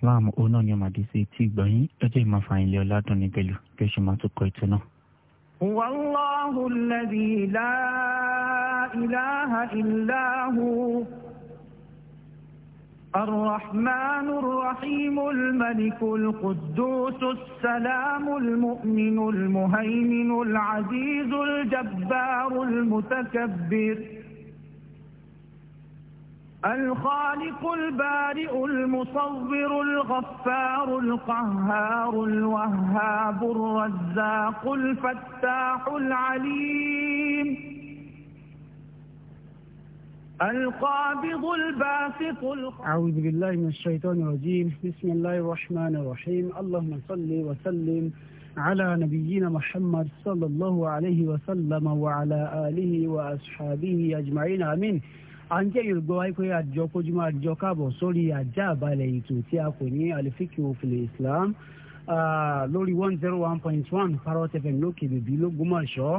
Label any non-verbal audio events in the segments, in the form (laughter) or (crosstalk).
islam òun náà ni ọmọ se tí gbọ yin fa yin le ola dun ní pẹ̀lú bí ó ṣe máa tún kọ ètò náà. wàláhù lẹ́bí la ilaha illa hu الرحمن الرحيم الملك القدوس السلام المؤمن المهيمن العزيز الجبار المتكبر الخالق البارئ المصور الغفار القهار الوهاب الرزاق الفتاح العليم القابض الباسط أعوذ بالله من الشيطان الرجيم بسم الله الرحمن الرحيم اللهم صل وسلم على نبينا محمد صلى الله عليه وسلم وعلى آله وأصحابه أجمعين آمين à ń jẹ́ yorùbá wáyé pé àjọ kójúmọ́ àjọ káàbọ̀ sórí àjà àbálẹ̀ ètò tí a pè ní alifiki òfin islam lórí one zero one point one parrot fm lókè bèbí lógúnmọ̀ṣọ́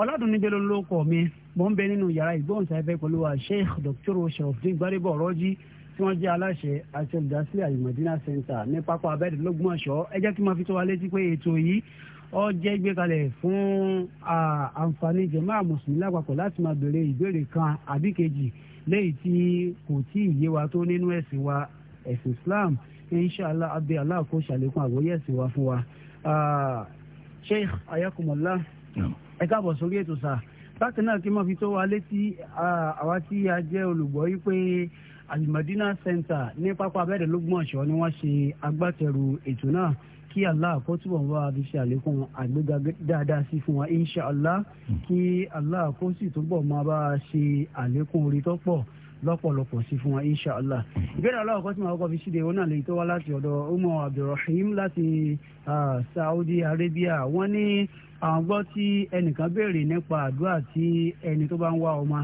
ọ̀làdùnní bẹ́ẹ̀ ló ló kọ̀ mi mo ń bẹ nínú yàrá ìgbóhùnsáfẹ́ pẹ̀lú wa sheikh dr sharafdin gbadebo ọ̀rọ́jì tí wọ́n jẹ́ aláṣẹ àti olùdásílẹ̀ alimọ̀dínà center ní pápá abẹ́ẹ̀dẹ̀ lógúnmọ̀ṣọ́ ẹ jẹ́ kí n máa fi tó wa létí pé ètò yìí ó jẹ́ ìgbékalẹ̀ fún àǹfààní jàmáà mùsùlùmí lápapọ̀ láti máa béèrè ìbéèrè kan àbí kejì lẹ́yìn tí kò tí ì yé wa tó nínú ẹ̀sìn wa ẹ̀sìn Islam inshàlá abẹ́ aláàkó ṣàlékún àgbọ́yé ẹ̀sìn wa fún wa. Ah, Sheikh ayakumọ̀lá ẹ káàbọ̀ sórí ètò sáà bákan náà kí n máa fi tó wa létí ah, àwa tí a jẹ́ olùgbọ́ yìí pé alimadina Center ní pápá abẹ́rẹ́ lọ́gbọ̀nsọ ni wọ́n ṣe agbátẹrù ètò náà kí allah kó túbọ̀ ń wá fi ṣe àlékún àgbéga dáadáa sí fún wa inshallah hmm. kí allah kó sì túbọ̀ máa bá a ṣe àlékún orí tó pọ̀ lọ́pọ̀lọpọ̀ sí fún wa inshallah hmm. ìbéèrè aláwọ̀ kan tí màá kọ́ fi ṣíde òun náà lè tó wá láti ọ̀dọ̀ umar abdulrahim láti saudi arabia wọ́n ní àwọn gbọ́ tí ẹnìkan béèrè nípa àdúrà tí ẹni tó bá ń wá ọmọ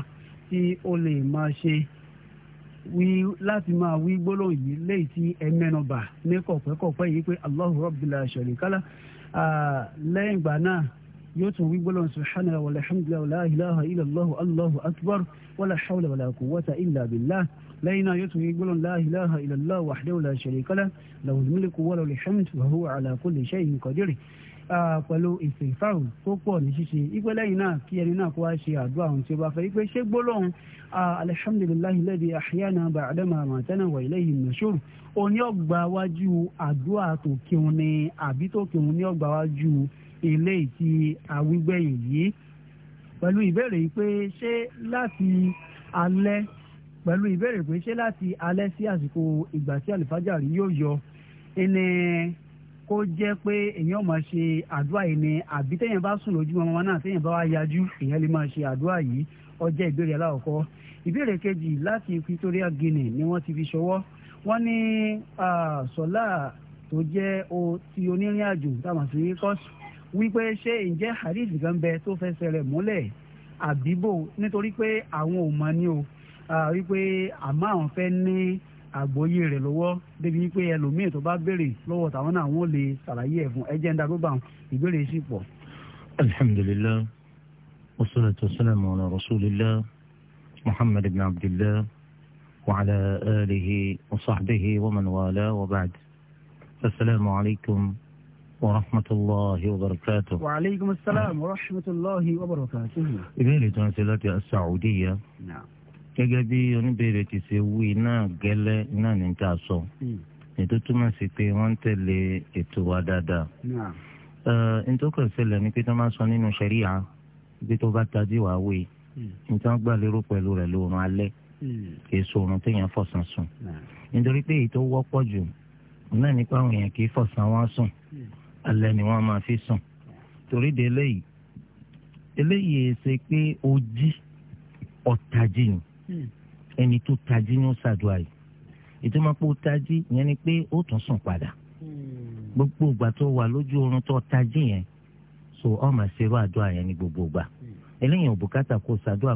tí ó lè máa ṣe wí láti máa wí gbólóhùn yìí léyìí tí ẹ mẹ́nubà ní kọ̀pẹ́kọ̀pẹ́ yìí pé Allahu Rabbil sharikala lẹ́yìn ìgbà náà yóò tún wí gbólóhùn subhanahu wa alhamdulilayi wa la ilaha illallah allahu akbar wala hawla wala quwwata illa billah lẹ́yìn náà yóò tún wí gbólóhùn la ilaha illallah wahdahu la sharikala lahul wa lahul hamdu wa huwa ala kulli pẹ̀lú ìsìnfàrù tó pọ̀ ní ṣíṣe ipe lẹ́yìn náà kí ẹni náà kó wá ṣe àdúrà ohun tí ó bá fẹ́ ipe ṣé gbólóhùn alhamdulilayi lẹ́bi àṣeyàna bàdàmà àmàtẹ́nà wà ilayhi nushur òní ọgbà wájú àdúrà tó kéwọn ni àbí tó kéwọn ní ọgbà wájú ilé ìtì àwígbẹ̀yìn yìí pẹ̀lú ìbéèrè yìí pé ṣé láti alẹ́ pẹ̀lú ìbéèrè pé ṣé láti alẹ́ sí àsìkò ìgbà tí àlùfájàrí kó jẹ́ pé èèyàn máa ṣe àdúrà yìí ni àbí téèyàn bá sùn lójú ọmọ náà téèyàn bá wá yajú èèyàn lè máa ṣe àdúrà yìí ó jẹ́ ìbéèrè aláwọ̀kọ́ ìbéèrè kejì láti Equatorial Guinea ni wọ́n ti fi ṣọwọ́ wọ́n ní sọ́lá tó jẹ́ ti onírìn àjò táwọn sì rí kọ́sù wípé ṣé ǹjẹ́ hadith kan bẹ tó fẹsẹ̀ rẹ̀ múlẹ̀ àbíbò nítorí pé àwọn ò mọ̀ ni o wípé àmọ́ àwọn fẹ́ ní àgbọ́yé rẹ̀ lọ́wọ́ débi wípé ẹlòmíín tó bá béèrè lọ́wọ́ tàwọn náà wọ́n lè ṣàlàyé ẹfun ẹjẹ́ ń darú bá wọn ìbéèrè sì pọ̀. alhamdulilayi wasalaatu wasalaamu ala rasulillah muhammad ibn abdillah wa ala alihi wa sahbihi wa man wala wa ba'd asalaamu alaykum wa rahmatulahi wa barakatuh. wa aleykum salaam wa rahmatulahi wa barakatuh. ìbéèrè tó ń ṣe láti asaudiya. naam. gẹ́gẹ́ bí oníbèrè ti ṣe wú iná gẹ́lẹ́ náà ní ta sọ hmm. ètò túmọ̀ sí pé wọ́n ń tẹ̀lé ètò wa dáadáa ntọ́kọ̀ ìṣẹ̀lẹ̀ ni pé tó máa sọ nínú ṣẹ̀ríà bí tó bá tají wàá wé hmm. nǹkan gbà lérò pẹ̀lú rẹ̀ lóorun alẹ́ hmm. kìí sòrùn téèyàn fọ̀sán sùn nítorí pé èyí tó wọ́pọ̀ jù náà nípa àwọn èèyàn kìí fọ̀sán wọn sùn alẹ́ ni wọ́n máa fi sùn torí de eléyìí eléyìí ṣe pé ojí ọ̀tají ni ẹni tó tají ní ó ṣàdúrà yìí ètò máa pọ̀ tají yẹn ni pé ó tún sùn padà gbogbo ìgbà tó wà lójú oorun tó tají yẹn so ọ máa ṣerú àdúrà yẹn ní gbogbo ìgbà eléyìí ò bùkátà kó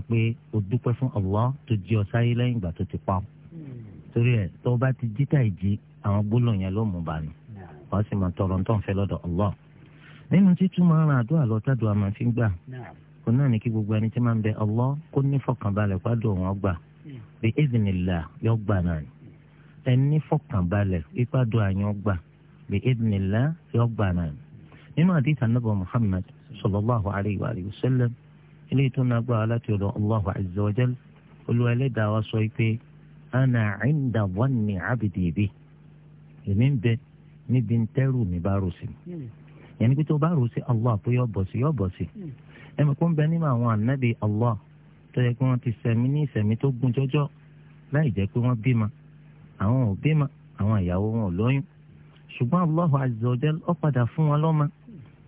pé o dúpẹ́ fún Allah tó jí ọ sáyé lẹ́yìn ìgbà tó ti pa ọ́ torí ẹ̀ tó bá ti jí táì jí àwọn gbólóhùn yẹn ló mú bá ní ọ sì máa tọrọ ń tọ́ ń fẹ́ lọ́dọ̀ Allah nínú títún máa ń ran àdúrà lọ tádùá máa fi ń gbà òun náà ní kí gbogbo ẹni tí máa ń bẹ Allah kó ní fọkànbalẹ̀ pàdé òun ọgbà bí ìdìnnìlà yọ gbà náà ni ẹni fọkànbalẹ̀ ìpàdé àyàn ọgbà bí ìdìnnìlà yọ gbà náà ni. nínú àdìsá nàbọ Muhammad sallallahu alayhi wa sallam ilé tó náà gbọ́ aláti ọ̀dọ̀ Allahu azza wa jal olú ẹlẹ́dàá wa sọ ana inda wanni abdi bi èmi ń bẹ hmm. ni pé tó bá rò Allah pé yọ bọ̀ ẹ̀mí kó ń bẹ nínú àwọn ànábì Allah tó yẹ kí wọ́n ti sẹ̀mí ní ìsẹ̀mí tó gùn jọjọ láì jẹ́ pé wọ́n bímọ àwọn ò bímọ àwọn ìyàwó wọn ò lóyún ṣùgbọ́n Allahu azza wa jal ó padà fún wọn lọ́mọ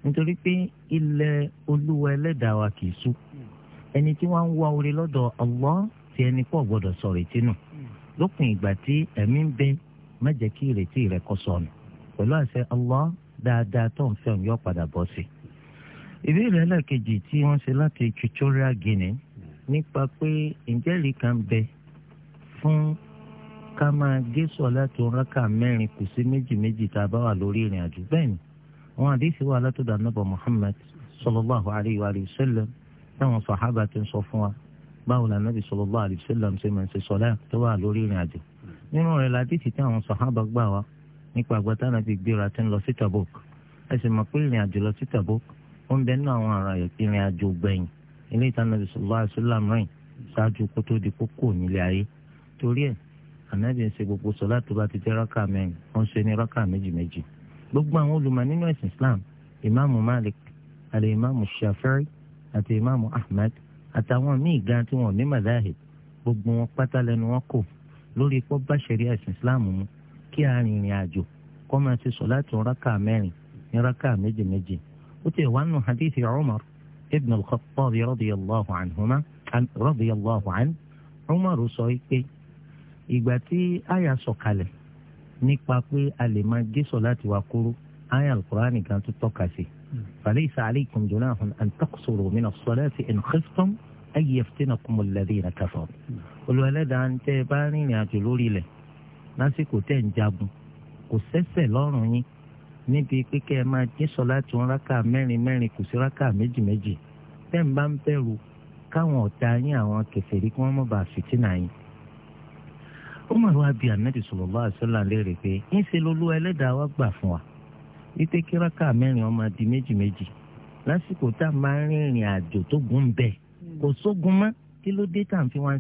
nítorí pé ilẹ̀ olúwa ẹlẹ́dàá wa kì í sú ẹni tí wọ́n ń wá orí lọ́dọ̀ Allah ti ẹni pọ̀ gbọ́dọ̀ sọ̀rọ̀ ètí nù lópin ìgbà tí ẹ̀mí ń bẹ má jẹ́ kí ìrètí rẹ̀ kó sọnù pẹ̀lú àṣẹ Allah dáadáa tó ń fẹ́ òun yóò padà bọ́ sí i ìbéèrè ẹlẹ́kejì tí wọ́n ṣe láti Equatorial Guinea hmm. nípa pé ìjẹ́rìí kan bẹ fún ká máa gé sọlá tó rákà mẹ́rin kù sí méjì méjì tá a bá wà lórí ìrìn àjò bẹ́ẹ̀ ni wọn àdéhìí wà látọ̀dọ̀ anábọ Muhammad sallallahu alayhi wa sallam táwọn sàhábà ti ń sọ fún wa báwo la nábì sallallahu alayhi wa sallam ṣe máa ń ṣe sọlá tó wà lórí ìrìn àjò hmm. nínú rẹ̀ làdéhìí táwọn sàhábà gbà wá nípa àgbàtà náà ti gbéra tí ń lọ sí Tabuk ẹ mọ̀ pé ìrìn àjò lọ sí Tabuk ó ń bẹ nínú àwọn ọ̀ràn ìrìn àjò gbẹ̀yìn ilé ìtànàbí sọlá àṣìláàmù rìn ṣáájú kó tó di kókó nílé ayé torí ẹ̀ ànábì ń ṣe gbogbo sọlá tó bá ti jẹ́ rákà mẹ́rin ó ṣe ní rákà méjì gbogbo àwọn olùmọ̀ nínú ẹ̀sìn Islam ìmáàmù Malik àti ìmáàmù Shafi'i àti ìmáàmù Ahmad àtàwọn míì gan tí wọn ò ní madahib gbogbo wọn pátá lẹ́nu wọn kò lórí pọ́ bá ṣẹ̀rí Islam mu kí arìnrìn àjò kọ́ máa ṣe sọlá tó rákà mẹ́rin ní rákà méjì ó ti wà nù hadith Umar ibn al-Khattab radiyallahu anhuma radiyallahu anhu Umar sọ pé ìgbà tí àyà sọ̀kalẹ̀ nípa pé a lè máa gé sọ̀láàtì wa kúrú àyà al-Qur'ani kan tó tọ́ka sí falaysa alaykum junahun an taqsuru min as-salati in khiftum an yaftinakum alladhina kafaru. olùwàlẹ́dàá ń tẹ́ bá rìnrìn àjò lórí ilẹ̀ lásìkò tẹ̀ ń jagun kò sẹ́sẹ̀ lọ́rùn yín níbi pé kẹ́ ẹ máa dín sọlá tí wọ́n rákà mẹ́rin mẹ́rin kù sí rákà méjì méjì tẹ́ ń bá ń bẹ̀rù káwọn ọ̀tá yín àwọn kèfèrí kí wọ́n mọ̀ bá fìtínà yín. Umar wa bi anabi sallallahu alaihi wasallam léèrè pé ń ṣe lolú ẹlẹ́dàá wa gbà fún wa wípé kí rákà mẹ́rin ó máa di méjì méjì lásìkò tá a máa ń rìnrìn àjò tó gùn bẹ́ẹ̀ kò sógun mọ́ kí ló dé tá à ń fi wá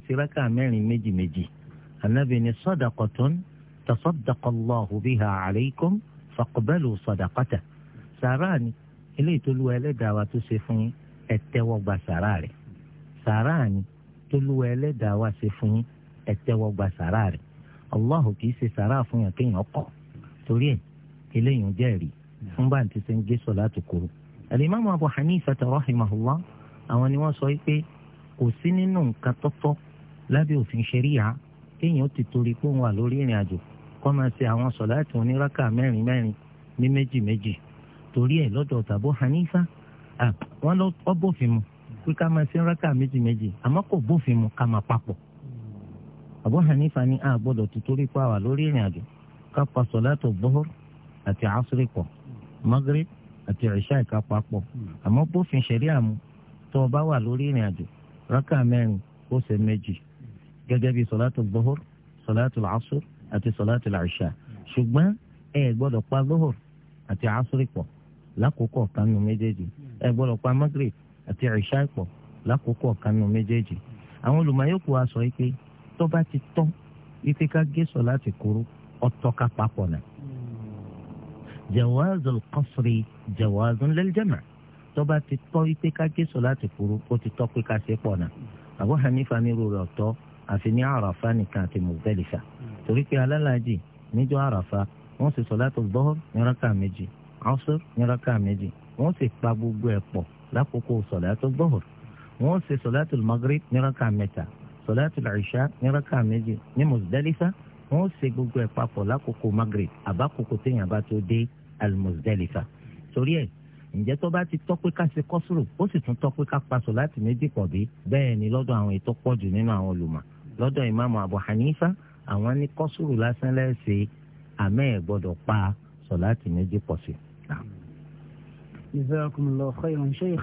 ń fàkọbẹ́lù sọ̀dàkọ́tà sàrà ni eléyìí tó lu ẹlẹ́dàá wa tó ṣe fún yín ẹ tẹ́wọ́ gba sàrà rẹ̀ sàrà ni tó lu ẹlẹ́dàá wa ṣe fún yín ẹ tẹ́wọ́ gba sàrà rẹ̀ Allahu kì í ṣe sàrà fún yàn kéèyàn kọ̀ torí ẹ̀ eléyìí ń jẹ́rìí fún bá ti ṣe ń gé sọ̀láàtù kúrú. Al-Imam Abu Hanifa rahimahullah àwọn ni wọ́n sọ pé kò sí nínú nǹkan tọ́tọ́ lábẹ́ òfin ṣẹ̀ríyà kéèyàn ti torí pé òun wà lórí ìrìn àjò kọ́ máa ṣe àwọn sọ̀láàtì oníraka mẹ́rin mẹ́rin ní méjì méjì torí ẹ̀ lọ́dọ̀ tàbó Hanifa wọ́n lọ ọ bófin mu pé ká máa ṣe raka méjì méjì àmọ́ kò bófin mu ká máa papọ̀ Abu Hanifa ní a gbọ́dọ̀ tó torí pa wà lórí ìrìn àjò ká pa sọ̀láàtì bọ́hùr àti asiri pọ̀ magrib àti ìṣá ìka papọ̀ àmọ́ bófin ṣẹ̀ríà mu tó o bá wà lórí ìrìn àjò raka mẹ́rin ó ṣe méjì gẹ́gẹ́ bí sọ̀láàtì bọ́hùr sọ̀láàtì asiri àti sọláàtì làṣà ṣùgbọ́n ẹ gbọ́dọ̀ pa lóhùr àti asúrì pọ̀ lákòókò kanu méjèèjì ẹ gbọ́dọ̀ pa magrib àti ìṣá pọ̀ lákòókò kanu méjèèjì àwọn olùmọ̀yòkù wa sọ pé tó bá ti tọ́ ife ká gé sọláàtì kúrú ọ̀tọ̀ ká papọ̀ náà jawazul qasri jawazun lil jama' tọ́ba ti tọ́ ipe ká gé sọ̀láàtì kúrú ó ti tọ́ pé ká ṣe pọ̀ náà Abu Hanifa ní rúurọ̀ tọ́ àfi ní Àràfá nìkan àti Muzdalifa torí pé alálàájì níjọ́ àràfà wọ́n sì sọ̀látù bọ́ọ̀rù ní rákà méjì ọ́sùr ní rákà méjì wọ́n sì pa gbogbo ẹ̀ pọ̀ lákòókò sọ̀látù bọ́ọ̀rù wọ́n sì sọ̀látù magrib ní rákà mẹ́ta sọ̀látù ìṣá ní rákà méjì ní Muzdalifa wọ́n ṣe gbogbo ẹ̀ papọ̀ lákòókò magrib àbákòókò téèyàn bá tó dé almuzdalifa torí ẹ̀ ǹjẹ́ tó bá ti tọ́pẹ́ ká ṣe kọ́sùrù ó sì tún tọ́pẹ́ ká paṣọ láti méjì pọ̀ bí bẹ́ẹ̀ ni lọ́dọ̀ àwọn ètò pọ̀jù nínú àwọn olùmọ̀ lọ́dọ̀ ìmáàmù abu àwọn ní kọ́sùrù lásán lẹ́sẹ̀ àmẹ́ ẹ̀ gbọ́dọ̀ pa sọ̀láàtì méjì pọ̀ sí. jazakumullahu khairan sheikh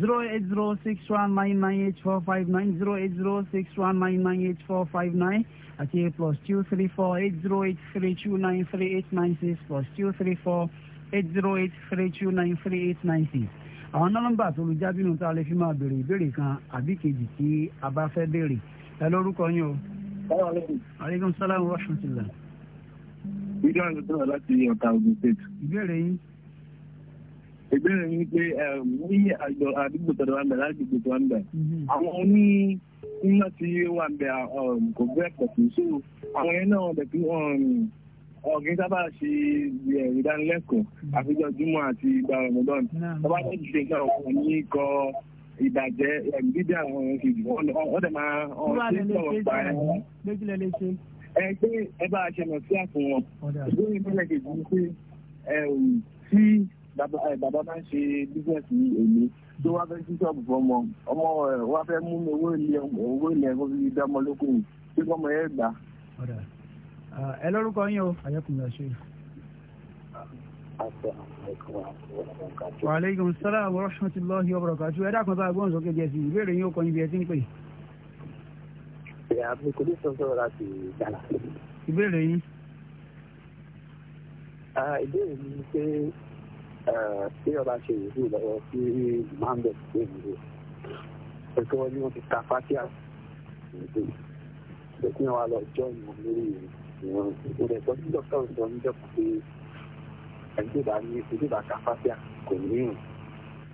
zero eight zero six one nine nine eight four five nine zero eight zero six one nine nine eight four five nine àti plus two three four eight zero eight three two nine three eight nine six plus two three four eight zero eight three two nine three eight nine six àwọn nọ́mbà tó lu jábínú tá a lè fi máa béèrè ìbéèrè kan àbí kejì tí a bá fẹ́ béèrè ẹ lórúkọ yín o. Aleykum salaam wa rahmatulah. Ìjọ àgbẹ̀ tó wà láti ọ̀tà Ògùn State. Ìbéèrè yín. Ìbéèrè yín pé eh, ní àjọ àdúgbò tọ̀dọ̀ wa ń bẹ̀ ládùúgbò tó wa ń bẹ̀. Mhm. Àwọn oní nígbà tí wà ń bẹ̀ um, kò bẹ́ẹ̀ pọ̀ kì í so àwọn yẹn náà bẹ̀ tí ọ̀gbìn sábà ṣe eh, ìdánilẹ́kọ̀ọ́ àfijọ́ Júmọ̀ àti ìgbà Ramadan. Bàbá tó ti ṣe ìgbà ọ̀gbìn ní ìbàjẹ́ gbígbé um, àwọn ohun kejì dẹ̀ máa ọ̀hún sí sọ̀rọ̀ pa ẹ̀. méjìlẹ̀ ẹ bá a ṣe mọ̀ sí àpò wọn. ìpínlẹ̀ kejì ni pé ẹ um, ò tí um, bàbá bá ń ṣe bísíǹsì èmi tó wá fẹ́ sí ṣọ́ọ̀bù fọmọ ọmọ rẹ̀ wá fẹ́ mú owó ilé owó ilé ẹ̀kọ́ fi dá ọmọ lókun tí ọmọ yẹn gbà. ẹ lórúkọ yín o. ayọkùnrin àṣírí wàhálẹ́gùn sálà wa rahmatullahi wa barakatuh ẹ̀dá kan bá agbóhùn sókè díẹ̀ sí ìbéèrè yín ó kọ́ ibi ẹ̀ tí ń pè. ìyá mi kò ní sọ sọ̀rọ̀ láti Ghana. ìbéèrè yín. ìbéèrè mi ni pé bí ọba ṣe ìlú lọ́wọ́ sí mohammed ṣe ìlú ẹ̀kọ́ ni wọ́n ti ta fatia ìlú ẹ̀kọ́ ni wọ́n wá lọ jọ́ ìmọ̀ lórí ìwọ̀n ìwọ̀n ẹ̀kọ́ tí dókítà ń sọ níjọ́ pé ẹni tó bá ní ojú bá ka fásíà kò ní ìrùn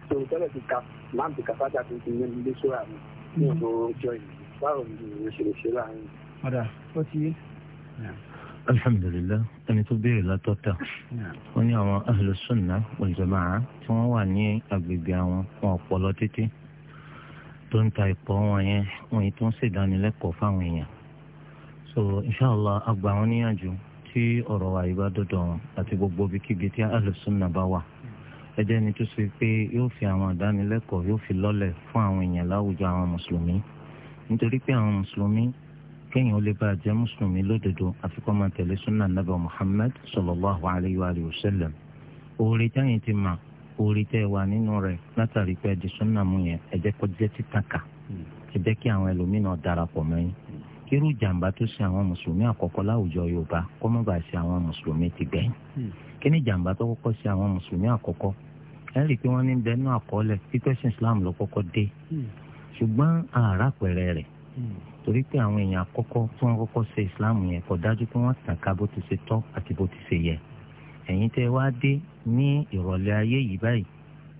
tó tẹ́lẹ̀ ti ka máa ń ti ka fásíà tó ti ní ilé sóra mi ní ọ̀dọ̀ ọjọ́ yìí báwo ni ìrìn òṣèlú ṣe láàrin. padà ó ti yé. alhamdulillah ẹni tó béèrè látọ́ta wọ́n ní àwọn ahlu sunna wal jamaa tí wọ́n wà ní agbègbè àwọn wọn ọ̀pọ̀lọ títí tó ń ta ìpọ́ wọn yẹn wọ́n yìí tó ń ṣèdánilẹ́kọ̀ọ́ fáwọn èèyàn so inshallah tí ọ̀rọ̀ wa yìí bá dọ̀dọ̀ wọn àti gbogbo ibikíbi tí alùsùnà bá wà ẹjẹ́ ni tó ṣe pé yóò fi àwọn àdánilẹ́kọ̀ọ́ yóò fi lọ́lẹ̀ fún àwọn èèyàn láwùjọ àwọn mùsùlùmí nítorí pé àwọn mùsùlùmí kéèyàn ó lè bá jẹ́ mùsùlùmí lódodo àfi máa tẹ̀lé súnà nàbà Muhammad sallallahu alayhi wa sallam oore táyìn ti mà oore tẹ́ ẹ wà nínú rẹ̀ látàrí pé ẹ di súnà mú yẹn ẹ jẹ́ kó jẹ́ títàkà ẹ jẹ́ kí àwọn ẹlòmíràn darapọ̀ mọ́ irú jàǹbá tó ṣe àwọn mùsùlùmí àkọ́kọ́ láwùjọ yorùbá kó má bàa ṣe àwọn mùsùlùmí ti gbẹ̀yìn hmm. kí ni jàǹbá tó kọ́kọ́ ṣe àwọn mùsùlùmí àkọ́kọ́ ẹ rí i pé wọ́n ní bẹ́ẹ̀ náà àkọọ́lẹ̀ pípẹ́sì islam ló kọ́kọ́ dé hmm. ṣùgbọ́n ààrà pẹ̀rẹ̀ rẹ̀ hmm. torí pé àwọn èèyàn àkọ́kọ́ tí wọ́n kọ́kọ́ ṣe islam yẹn kò dájú pé wọ́n tàn ká bó ti ṣe tọ́ àti bó ti ṣe yẹ ẹ̀yin tẹ́ wá dé ní ìrọ̀lẹ́ ayé yìí báyìí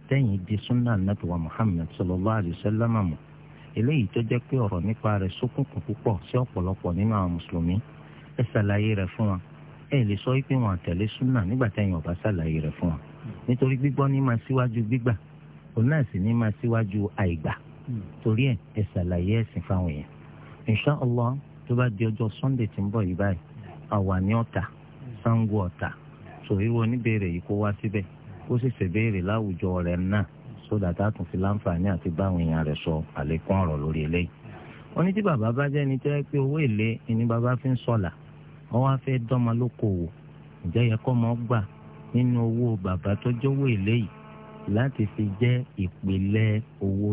tẹ́yìn di sunnah nàbẹ̀wá muhammed sallallahu alayhi wa sallam mọ̀ eléyìí tó jẹ́ pé ọ̀rọ̀ nípa rẹ̀ ṣókùnkùn púpọ̀ sí ọ̀pọ̀lọpọ̀ nínú àwọn mùsùlùmí ẹ ṣàlàyé rẹ̀ fún wa ẹ lè sọ pé wọn àtẹ̀lé súnà nígbà tẹ̀yìn ọ̀bá ṣàlàyé rẹ̀ fún wa nítorí gbígbọ́ ní máa síwájú gbígbà òun náà sì ní máa síwájú àìgbà torí ẹ ẹ ṣàlàyé ẹ̀sìn fáwọn èèyàn insha allah tó bá di ọjọ́ sunday tí ń bọ̀ yìí báyìí àwa ní ọ̀tà sango ọ̀tà tòwíwọ oníbèrè yìí kó wá síbẹ̀ kó sì ṣèbéèrè láwùjọ rẹ̀ náà sódà tá a tún fi láǹfààní àti báwọn èèyàn rẹ̀ sọ àlékún ọ̀rọ̀ lórí eléyìí. wọ́n ní tí bàbá bá jẹ́ ẹni tẹ́ pé owó èlé ni bàbá fi ń sọlà wọ́n wá fẹ́ dọ́mọ lókòwò yẹ kọ́ gbà nínú owó bàbá tó èlé yìí láti fi jẹ́ ìpìlẹ̀ owó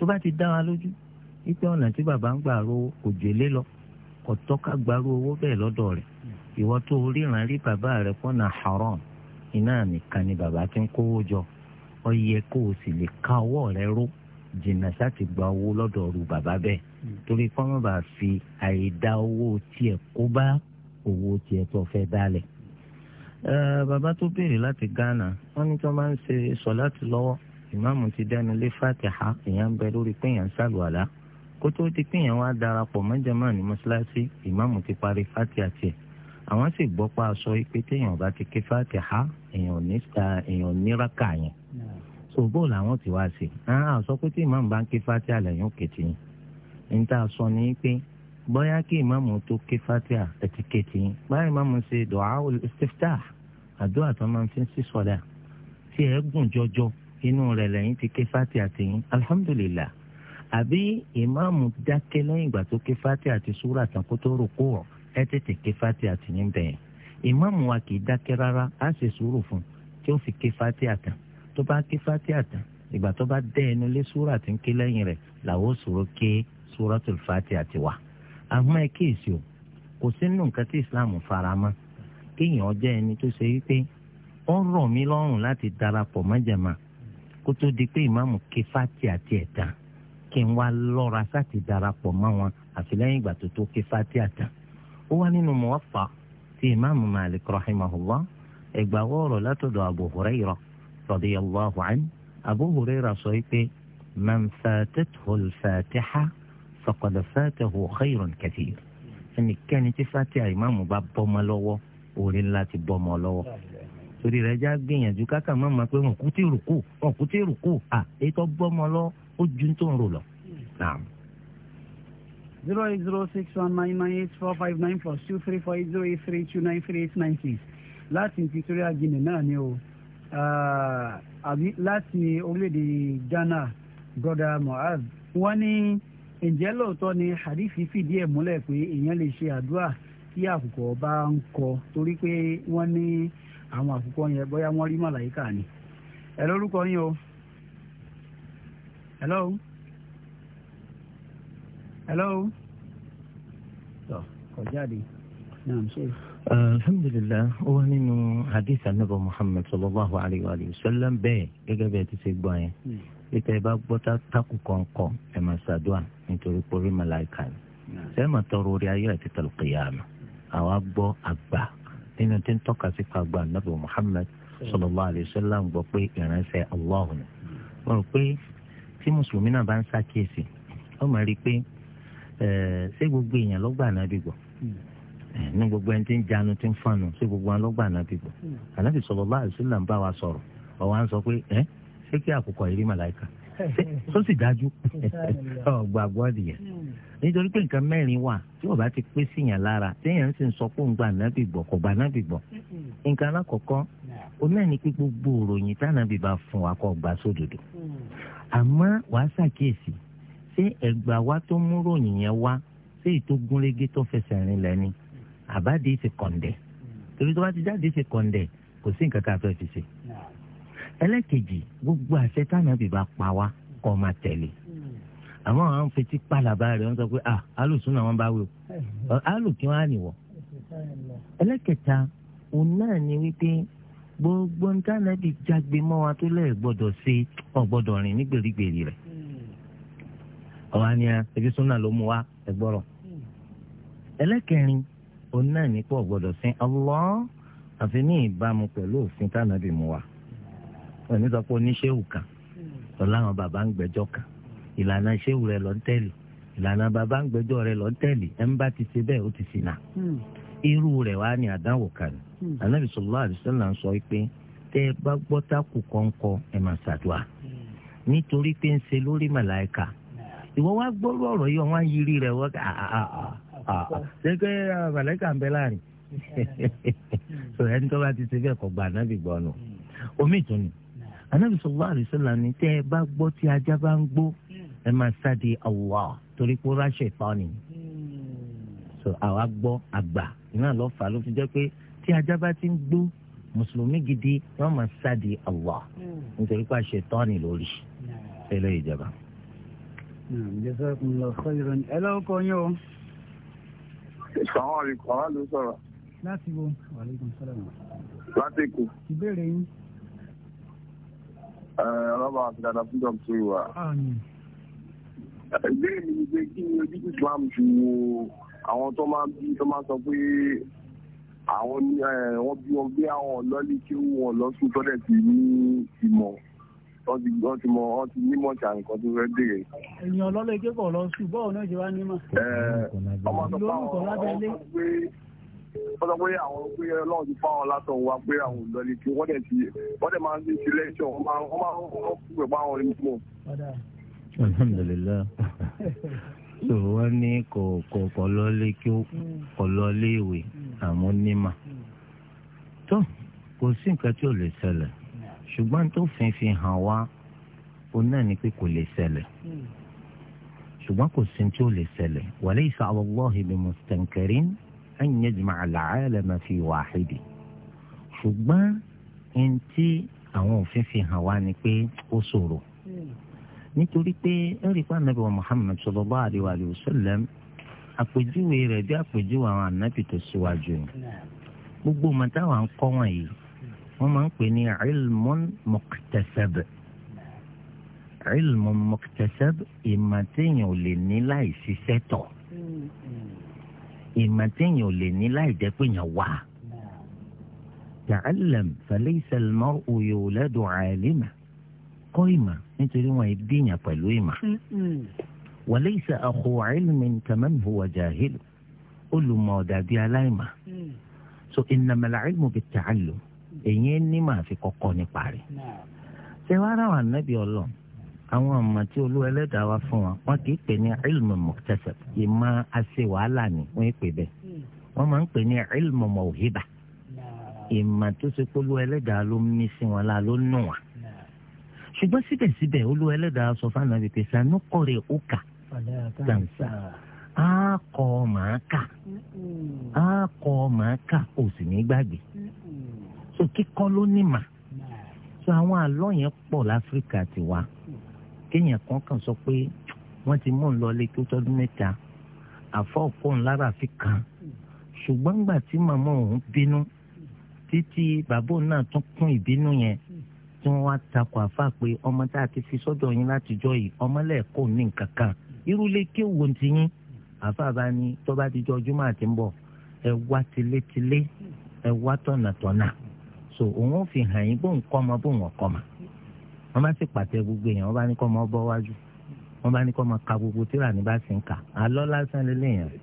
tí bá ti dá wa lójú wípé ọ̀nà tí bàbá ń gbà ro èlé lọ kò tọ́ka owó bẹ́ẹ̀ lọ́dọ̀ ó kó o sì lè ká ọwọ́ rẹ ró jìnnà sáti gba owó lọ́dọ̀ ọ̀rù bàbá bẹ́ẹ̀ hmm. torí kọ́ má bàa fi àìdá owó tiẹ̀ kó bá owó tiẹ̀ tó fẹ́ dálẹ̀. bàbá tó béèrè láti Ghana wọ́n ní tí wọ́n bá ń ṣe sọ̀láàtì lọ́wọ́ ìmáàmù ti dánu lé fàtìhà èèyàn ń bẹ lórí péyàn ń sàlùwàlà kó tó di péyàn wá darapọ̀ mọ́jàmá ní mọ́ṣáláṣí ìmáàmù ti parí fàtìhà tiẹ̀ àwọn sì gbọ́ pa aṣọ pé téèyàn bá ti ké fàtìhá èèyàn ní èèyàn níraka yẹn so bó làwọn ti wá sí àwọn sọ pé tí ìmáàmù bá ń ké fàtìhá lẹ́yìn òkè tì yín ní tá a sọ ni pé bóyá kí ìmáàmù tó ké fàtìhá ẹ̀tì ké tì yín báyìí ìmáàmù ṣe du'aul istiftah àdúrà tó máa ń sí sọ̀dà tí ẹ̀ gùn jọjọ inú rẹ̀ lẹ́yìn ti ké fàtìhá tì yín alhamdulillah àbí ìmáàmù dákẹ́ lẹ́yìn ìgbà tó ké fàtìhá àti súrà tán kó tó rò kó rọ̀ ẹ tètè ké fati àti yín ìmáàmù wa kì í dákẹ́ rárá á ṣe sùúrù fún tí fi ké fati àtàn tó bá ké fati àtàn ìgbà tó bá dẹ́ ẹnu lé súrà tí ké lẹ́yìn rẹ̀ ké suratul fati wa. àmọ́ ẹ o kò sínú nǹkan tí islam fara mọ́ kéèyàn jẹ́ ẹni tó ṣe wípé ó rọ̀ mí lọ́rùn láti darapọ̀ mọ́jàmá kó tó di pé ìmáàmù ké kí n wá lọ́ra darapọ̀ mọ́ wọn àfi lẹ́yìn ìgbà tó tó ké ó wá nínú Muwatta ti ìmáàmù Malik rahimahullah ẹgbàwọ́ ọ̀rọ̀ látọ̀dọ̀ Abu Hurairah radiyallahu anhu Abu Hurairah sọ pé man fatathu al-fatiha faqad fatahu khayrun kathir ẹnikẹ́ni tí fatiha ìmáàmù bá bọ́mọ lọ́wọ́ orí ńlá ti bọ́mọ lọ́wọ́ torí rẹ̀ já gbìyànjú káka má ma pé wọn kú tí rùkú wọn kú tí rùkú à ètò bọ́mọ lọ ó ju tó ń rò lọ zero eight zero six one nine nine eight four five nine plus two three four zero eight three two nine three eight nine six láti Equatorial Guinea náà ni o ah, àbí láti orílẹ̀-èdè Ghana broda Moaz wọ́n ní ǹjẹ́ lóòótọ́ ni hadithi fìdí ẹ̀ múlẹ̀ pé èèyàn lè ṣe àdúrà tí àkùkọ bá ń kọ torí pé wọ́n ní àwọn àkùkọ yẹn bóyá wọ́n rí màláyíkà ni ẹ lórúkọ yín o hello hello. tọ kọjáde naam ṣe. alhamdulilah ó wá nínú hadith anabi muhammed sallallahu alayhi wa sallam bẹ́ẹ̀ gẹ́gẹ́ bẹ́ẹ̀ ti ṣe gbọ́ yẹn pété hmm. ẹ bá gbọ́ tákù kọ̀ọ̀kọ̀ ẹ máa ṣàdúrà nítorí pé orí màláìka ni ṣé máa tọrọ orí ayé àti tàlùkìyàmù àwa gbọ́ àgbà nínú tí ń tọ́ka sí pàgbà anabi muhammed sallallahu alayhi wa sallam gbọ́ pé ìránṣẹ́ allah ni hmm. mo rò pé tí mùsùlùmí náà bá ń ṣàkíyèsí ó máa rí i pé. Eh, ṣé gbogbo èèyàn ló gba ànábì gbọ́ eh, ní gbogbo ẹni tí ń janu tí ń fanu ṣé gbogbo wọn ló ànábì ń bá wa sọrọ ọwọ à ń sọ pé ẹ eh, ṣé kí àkùkọ yìí rí màláìka tó sì dájú ọgbàgbọ́ (laughs) nítorí pé nǹkan mẹ́rin wà tí wọ́n bá ti pé lára sì ń sọ pé kò gbogbo òròyìn tánàbì bá fún wa kọ́ gbà sódodo hmm. àmọ́ wàá ṣé ẹ̀gbà wa tó mú ròyìn yẹn wá ṣé ètò gúnrégé tó fẹsẹ̀ rìn lẹ́ni àbáde ti kọ̀ǹdẹ̀ torí tó bá ti jáde ti kọ̀ǹdẹ̀ kò sí nǹkan ká fẹ́ fi ṣe. ẹlẹ́kejì gbogbo àṣẹ táwọn ẹbí bá pa wá kọ́ máa tẹ̀lé àmọ́ àwọn fetí pàlàbà rẹ̀ wọ́n sọ pé ah alùsùn náà wọ́n bá wí o alù kí wọ́n á nìwọ̀. ẹlẹ́kẹta òun náà ni wípé gbogbo nǹkan náà ti jágbe mọ́ wa tó lẹ́ẹ̀ gbọ́dọ̀ ṣe ọ̀gbọ́dọ̀ rìn ní rẹ̀ ọ̀hán ni ẹbí súnà ló mú wa ẹgbọ́rọ̀ ẹlẹ́kẹrin òun náà ní pọ̀ gbọ́dọ̀ sin Allah àfi ní ìbámu pẹ̀lú òfin tánàbì mú wa òní sọ pé oníṣẹ́wù kan ọ̀làwọn bàbá ń gbẹ́jọ́ kan ìlànà ṣéwù rẹ lọ ń tẹ̀lé ìlànà bàbá ń gbẹ́jọ́ rẹ lọ ń tẹ̀lé ẹ̀ ń bá ti ṣe bẹ́ẹ̀ ó ti sì nà. irú rẹ̀ wá ní àdánwò kan ní anabi sallallahu alaihi sọ pé tẹ́ ẹ bá gbọ́ tákù kọ́ńkọ́ ẹ máa ṣàdúrà nítorí pé ń ṣe lórí màláìka ìwọ wá gbọ́rú ọ̀rọ̀ yìí wọ́n á yiri rẹ̀ wọ́n ká ah, ah, ah, ṣé pé màlẹ́kà ń bẹ láàrin (laughs) so ẹni tó bá ti ṣe bẹ́ẹ̀ kọ́ gba anábì gbọ́ nù hmm. omi ìtúnu anábì sallallahu alaihi wasallam ni tẹ́ ẹ bá gbọ́ tí ajá bá ń gbó hmm. ẹ máa sáde Allah torí pé ó ráṣẹ hmm. so àwa gbọ́ àgbà náà lọ́ọ́ fà ló fi jẹ́ pé tí ajá bá ti ń gbó mùsùlùmí gidi wọ́n máa sáde Allah nítorí pé àṣetọ́ni lórí ẹlẹ́yìí ìjọba jazakumullahu khairan ẹ lọ́wọ́ kọ yín o. sàwọn àlìkò àwọn ló sọ̀rọ̀. láti wo aleykum salaam. láti kù. ìbéèrè yín. ọlọ́ba àti dada fún dọ́m tó wà. ìbéèrè mi ni pé kí ni ojú Islam ti wo àwọn tó máa bí tó máa sọ pé àwọn wọn bí wọn bí àwọn lọ́lí kí wọn lọ́sùn tọ́lẹ̀ sí ní ìmọ̀ wọ́n ti mọ wọ́n ti nímọ̀ tí a nǹkan tó fẹ́ béèrè. èèyàn ọlọ́lọ́ ike kọ̀ lọ sí bọ́ọ̀ náà ṣe wá nímọ̀. ọmọ tó pa àwọn ọmọ pé wọ́n sọ pé àwọn pé ọlọ́run ti fáwọn látọ̀ wa pé àwọn olùdarí kí wọ́n dẹ̀ ti wọ́n dẹ̀ máa ń ṣe lẹ́sọ̀ wọ́n máa wọ́n máa wọ́n pè pa àwọn onímọ̀. alhamdulilayi (laughs) so wọ́n ní kò kò kò lọ́lé kí hmm. kò lọ́lé ìwé hmm. àmọ́ nímọ̀ hmm. tó kò sí nǹkan tí ò lè ṣẹlẹ̀ ṣùgbọ́n tó fin fi hàn wá ó náà ni pé kò lè ṣẹlẹ̀ hmm. ṣùgbọ́n kò sí tí ó lè ṣẹlẹ̀ walaysa ala Allahi bimustankirin an yajma'a al-'alama fi wahidi ṣùgbọ́n ẹni tí àwọn òfin fi hàn wá ni pé ó ṣòro hmm. nítorí pé ẹ̀rí pa ànábì wa Muhammad sallallahu alayhi wa sallam àpèjúwe rẹ̀ bí àpèjúwe àwọn ànábì tó síwájú ni gbogbo mọ̀tàwọn kọ́ wọ̀nyí ومن قني علم مكتسب علم مكتسب إما تنيو لني لا يسيسيتو إما تنيو لني لا يدقين يوا تعلم فليس المرء يولد عالما قيمة انت لما يبدين يبالويمة وليس أخو علم كمن هو جاهل قل ما دابي علايمة سو إنما العلم بالتعلم èyí ní màá fi kọ́kọ́ nípa rẹ̀ ṣé wàá rà wọn ànábì ọlọ́run àwọn ọmọ tí olú ẹlẹ́dàá wá fún wa wọn kì í pè ní ilmu muktasab ìmọ̀ àṣẹ wàhálà ni wọ́n ń pè bẹ́ẹ̀ hmm. wọ́n máa ń pè ní ilmu mawhiba ìmọ̀ tó ṣe pé olú ẹlẹ́dàá ló mí sí wọn la ló nù wọn. ṣùgbọ́n síbẹ̀síbẹ̀ olú ẹlẹ́dàá sọ fún ànábì pé sanukọ̀rẹ̀ òkà gbàǹsà á kọ́ màá kà á ní gbàgbé so kíkọ́ ló ní mà so àwọn àlọ́ yẹn pọ̀ láfíríkà tiwa kéèyàn kan kàn sọ pé wọ́n ti mú un lọ lé tó tọ́dún mẹ́ta àfọ́ òkóhùn lára fi kan ṣùgbọ́n gbà tí màmá òun bínú títí bàbá òun náà tún kún ìbínú yẹn tí wọ́n wá takò àfa pé ọmọ tá a ti fi sọ́dọ̀ yín látijọ́ yìí ọmọlẹ́ẹ̀kọ́ ní nǹkan kan irúlé kéwòn ti yín àfa bá ní tó ti jọ ọjọ́ máa ń bọ̀ ẹ wá tilétilé ẹ wá tọ̀nàtọ̀nà so òun ò fi hàn yín bóun kọ́ ọmọ bóun ọkọ mà wọ́n bá sì pàtẹ gbogbo èèyàn wọ́n bá ní kọ́ ọmọ bọ́ wájú wọ́n bá ní kọ́ ọmọ ka gbogbo tíra ní bá sì ń kà àlọ́ lásán lélẹ́yìn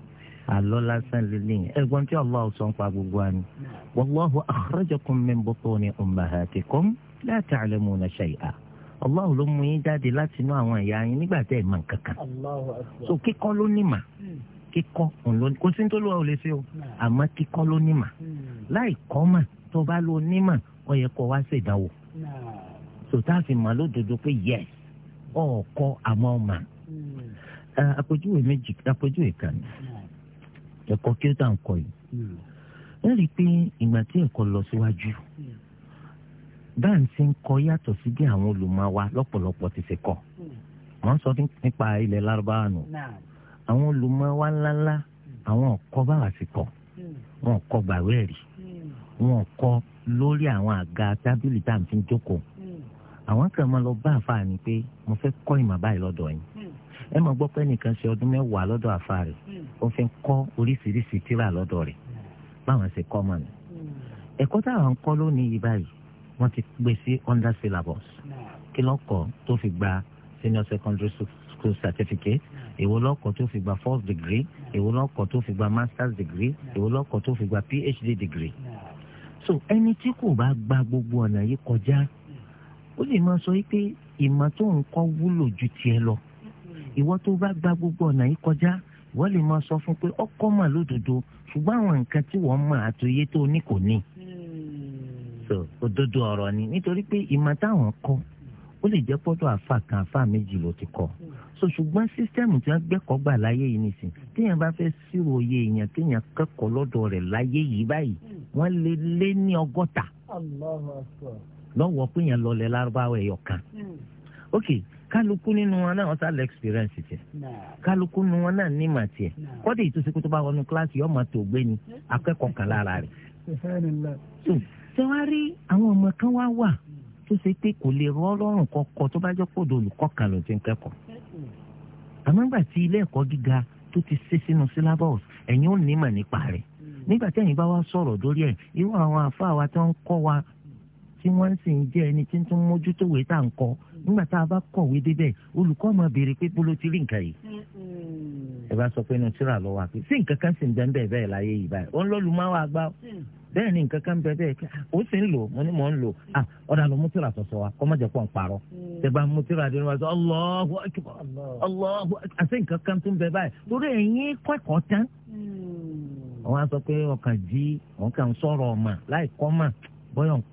àlọ́ lásán lélẹ́yìn ẹ̀gbọ́n tí Allah sọ ń pa gbogbo àná wallahu akhrajakum min butuni ummahatikum la ta'lamuna shay'a Allah ló mú yín jáde láti inú àwọn ìyá yín nígbà tẹ́ ẹ̀ mọ̀ nǹkan kan. so kíkọ́ ló ní mà kíkọ́ kò sí ní tó lọ́wọ́ ò lè ṣe o hmm. àmọ́ kíkọ́ ló ní mà hmm. láì kọ́ mà tó bá lo onímọ̀ ó yẹ kó wá ṣèdánwò sòtá fi mọ̀ lódodo pé yes ọ̀ọ́kọ́ àmọ́ ọ̀ma hmm. eh, àpèjúwe méjì àpèjúwe kan ẹ̀kọ́ kí ó tà ń kọ yìí wọ́n hmm. rí i pé ìgbà tí ẹ̀kọ́ lọ síwájú hmm. báà ń ti ń kọ yàtọ̀ sí bí àwọn olùmọ̀ wa lọ́pọ̀lọpọ̀ ti ṣe kọ́ wọ́n ń sọ nípa ilẹ̀ lárúbáwá nù àwọn olùmọ̀ wa ńláńlá àwọn ọ̀kọ́ báwa ti kọ́ wọn ọ̀kọ́ gbàwé rí wọn kọ lórí àwọn àga tábìlì tá à ń fi jókòó hmm. àwọn kan máa lọ bá àfa ni pé mo fẹ́ kọ́ ìmọ̀ báyìí lọ́dọ̀ yín hmm. ẹ máa gbọ́ pé ẹnìkan ṣe ọdún mẹ́wàá lọ́dọ̀ àfa rẹ̀ hmm. ó fẹ́ kọ́ oríṣiríṣi tíra lọ́dọ̀ rẹ̀ báwọn ṣe kọ́ mọ̀ ni ẹ̀kọ́ táwọn ń kọ́ lónìí yìí báyìí wọ́n ti gbé sí under syllabus kí lọ́kọ̀ tó fi gba senior secondary school certificate èwo lọ́kọ̀ tó fi gba first degree èwo lọ́kọ̀ tó fi gba master's degree èwo lọ́kọ̀ tó fi gba PhD degree so ẹni tí kò bá gba gbogbo ọ̀nà yìí kọjá ó lè máa sọ pé ìmọ̀ tó ń kọ́ wúlò ju tiẹ̀ lọ ìwọ tó bá gba gbogbo ọ̀nà yìí kọjá ìwọ lè máa sọ fún pé ọkọ mà lódodo ṣùgbọ́n àwọn nǹkan tí wọ́n mọ̀ àtòyé tó ní kò ní. Hmm. so òdodo ọ̀rọ̀ ni nítorí pé ìmọ̀ táwọn kọ́ ó lè jẹ́ pọ́tọ́ àfa kan àfa méjì ló ti kọ́ so ṣùgbọ́n sísítẹ́ẹ̀mù tí wọ́n gbẹ́kọ̀ọ́ gbà láyé yìí nìsín téèyàn bá fẹ́ sírò oyè èèyàn téèyàn kẹ́kọ̀ọ́ lọ́dọ̀ rẹ̀ láyé yìí báyìí wọ́n lè lé ní ọgọ́ta lọ́wọ́ pé yẹn lọlẹ̀ lárúbáwá ẹ̀yọ̀ kan hmm. ok kálukú nínú wọn náà wọ́n sá lọ experience tiẹ̀ kálukú nínú wọn náà nímà tiẹ̀ kọ́dé ìtòsíkú tó bá wọnú kíláàsì yọ́ọ́ máa tó gbé ni akẹ́kọ̀ọ́ kan lára rẹ̀. ṣé wàá rí àwọn ọmọ kan wá wà tó ṣe pé kò lè rọ ọlọ́run kọ́kọ́ tó bá jẹ́ kóòdù olùkọ́ kan ló ti ń kẹ́kọ̀ọ́. àmọ́ nígbà tí ilé ẹ̀kọ́ gíga tó ti ṣe sínú syllabus ẹ̀yin ò ní mà nípa rẹ̀ nígbà tí ẹ̀yin bá wá sọ̀rọ̀ lórí ẹ̀ irú àwọn àfáà wa tó ń kọ́ wa tí wọ́n sì ń jẹ́ ẹni tí ń tún mójútó wèé tá ń kọ́ nígbà tá a bá kọ̀wé débẹ̀ olùkọ́ máa béèrè pé bó ló ti rí nǹkan yìí. ẹ bá sọ pé inú tíra lọ wà pé sí nǹkan kan sì ń bẹ́ẹ̀ bẹ́ẹ̀ bẹ́ẹ̀ láyé yìí báyìí ó ń lọ́lù máa wà gbá mm. bẹ́ẹ̀ ni nǹkan kan bẹ́ẹ̀ bẹ́ẹ̀ ah, ó sì ń lò mo ní mò ń lò à ah, ọ̀dà ló mú tíra sọ̀sọ̀ wa kọ́ má jẹ́ pọ̀ ń parọ́ mm. tẹ bá mú tíra dé níwájú Allahu akbar Allahu akbar àti ah,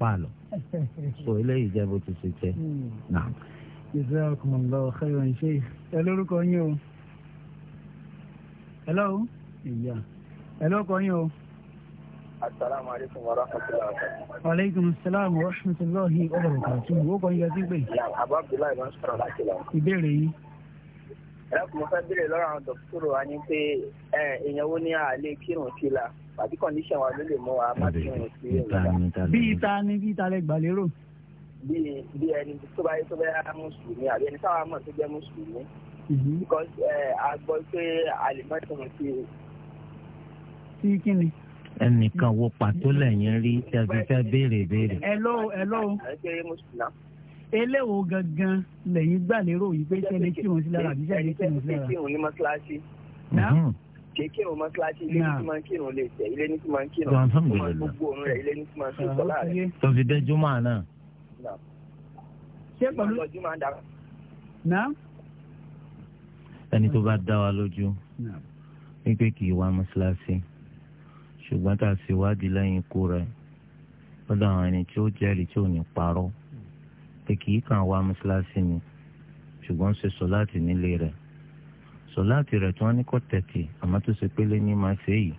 nǹkan so eléyìí jẹ́ bó ti ṣe jẹ́ náà. jazakumullahu khairan sheikh ẹ lórúkọ yín o hello ìyá ẹ lórúkọ yín o. asalaamualeykum wa rahmatulahi wa barakatuh. aleykum salaam wa rahmatulahi wa barakatuh. wo kàn yín gẹ́gẹ́ pé. àbá abdullahi máa ń sọ̀rọ̀ láti lọ. ìbéèrè yìí ẹlẹ́kùn mo fẹ́ béèrè lọ́rọ̀ àwọn dọ́kítọ́rọ̀ wa ni pé èèyàn wo ni a lè kírun sí la àbí condition wa ló lè mú wa má fi hàn sí ìrora. bí ìta ni bí ìta lẹ gbà lérò. bí bí ẹni tó bá yẹ tó bá yára mùsùlùmí àbí ẹni táwọn mọ̀ tó jẹ́ mùsùlùmí. Mhm. because eh, a gbọ́ pé a lè mọ̀ tó ń fi. sí kí ni. ẹnìkan wo pàtó lẹ́yìn rí tẹ̀sí fẹ́ béèrè béèrè. hello hello. eléwo gangan lẹ́yìn gbà lérò yìí pé sẹ́ni kírun sí lára àbí sẹ́ni kírun sí lára kì í kírun mọ́ṣáláṣí ilé ní tí máa ń kírun lè tẹ̀ ilé ní tí máa ń kírun gbogbo òun rẹ̀ ilé ní tí máa ń fi sọ́lá rẹ̀. tó fi dé júmọ̀ náà. ṣé pẹ̀lú ẹni tó bá dá wa lójú wípé kì í wá mọ́ṣáláṣí ṣùgbọ́n tá a sì wádìí lẹ́yìn ikú rẹ̀ lọ́dọ̀ àwọn ẹni tí ó jẹ́rìí tí ò ní parọ́ pé kì í kàn wá mọ́ṣáláṣí ni ṣùgbọ́n ṣe sọ láti nílé rẹ̀ sọláàtì rẹ̀ tí wọ́n ní kọ́ tẹ̀tì àmọ́ tó ṣe pélé ní máa ṣe yìí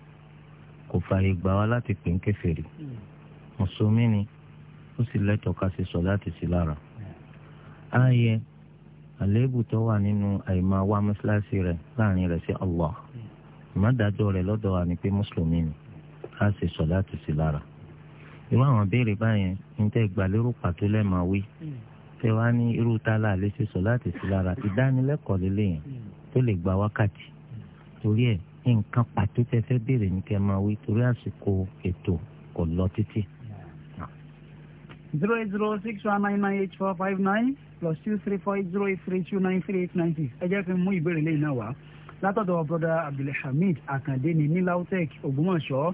kò fààyè gbà wá láti pè ń kèfèrí mùsùlùmí ni ó sì lẹ́tọ̀ọ́ ká ṣe sọláàtì sí lára. ààyè àléébù tó wà nínú àìmọ̀ wá mọ́ṣáláṣí rẹ̀ láàrin rẹ̀ sí Allah ìmọ̀dájọ́ rẹ̀ lọ́dọ̀ wa ni pé mùsùlùmí ni ká ṣe sọláàtì sí lára. irú àwọn béèrè báyẹn ń tẹ́ ìgbàlérò pàtó lẹ́ẹ̀ma wí tẹ́ ní irú tálà àlẹ́ ṣe sọláàtì sí lára ìdánilẹ́kọ̀ọ́ ó lè gba wákàtí torí ẹ̀ nǹkan pàtó tẹ́ fẹ́ béèrè ní kẹ́ máa wí torí àsìkò ètò kò lọ títí. zero eight zero six one nine nine eight four five nine plus two three four eight zero eight three two nine three eight nine six ẹ jẹ́ kí n mú ìbéèrè lẹ́yìn náà wá látọ̀dọ̀ broda abdulhamid akande ní ní lautech ògbómọ̀ṣọ́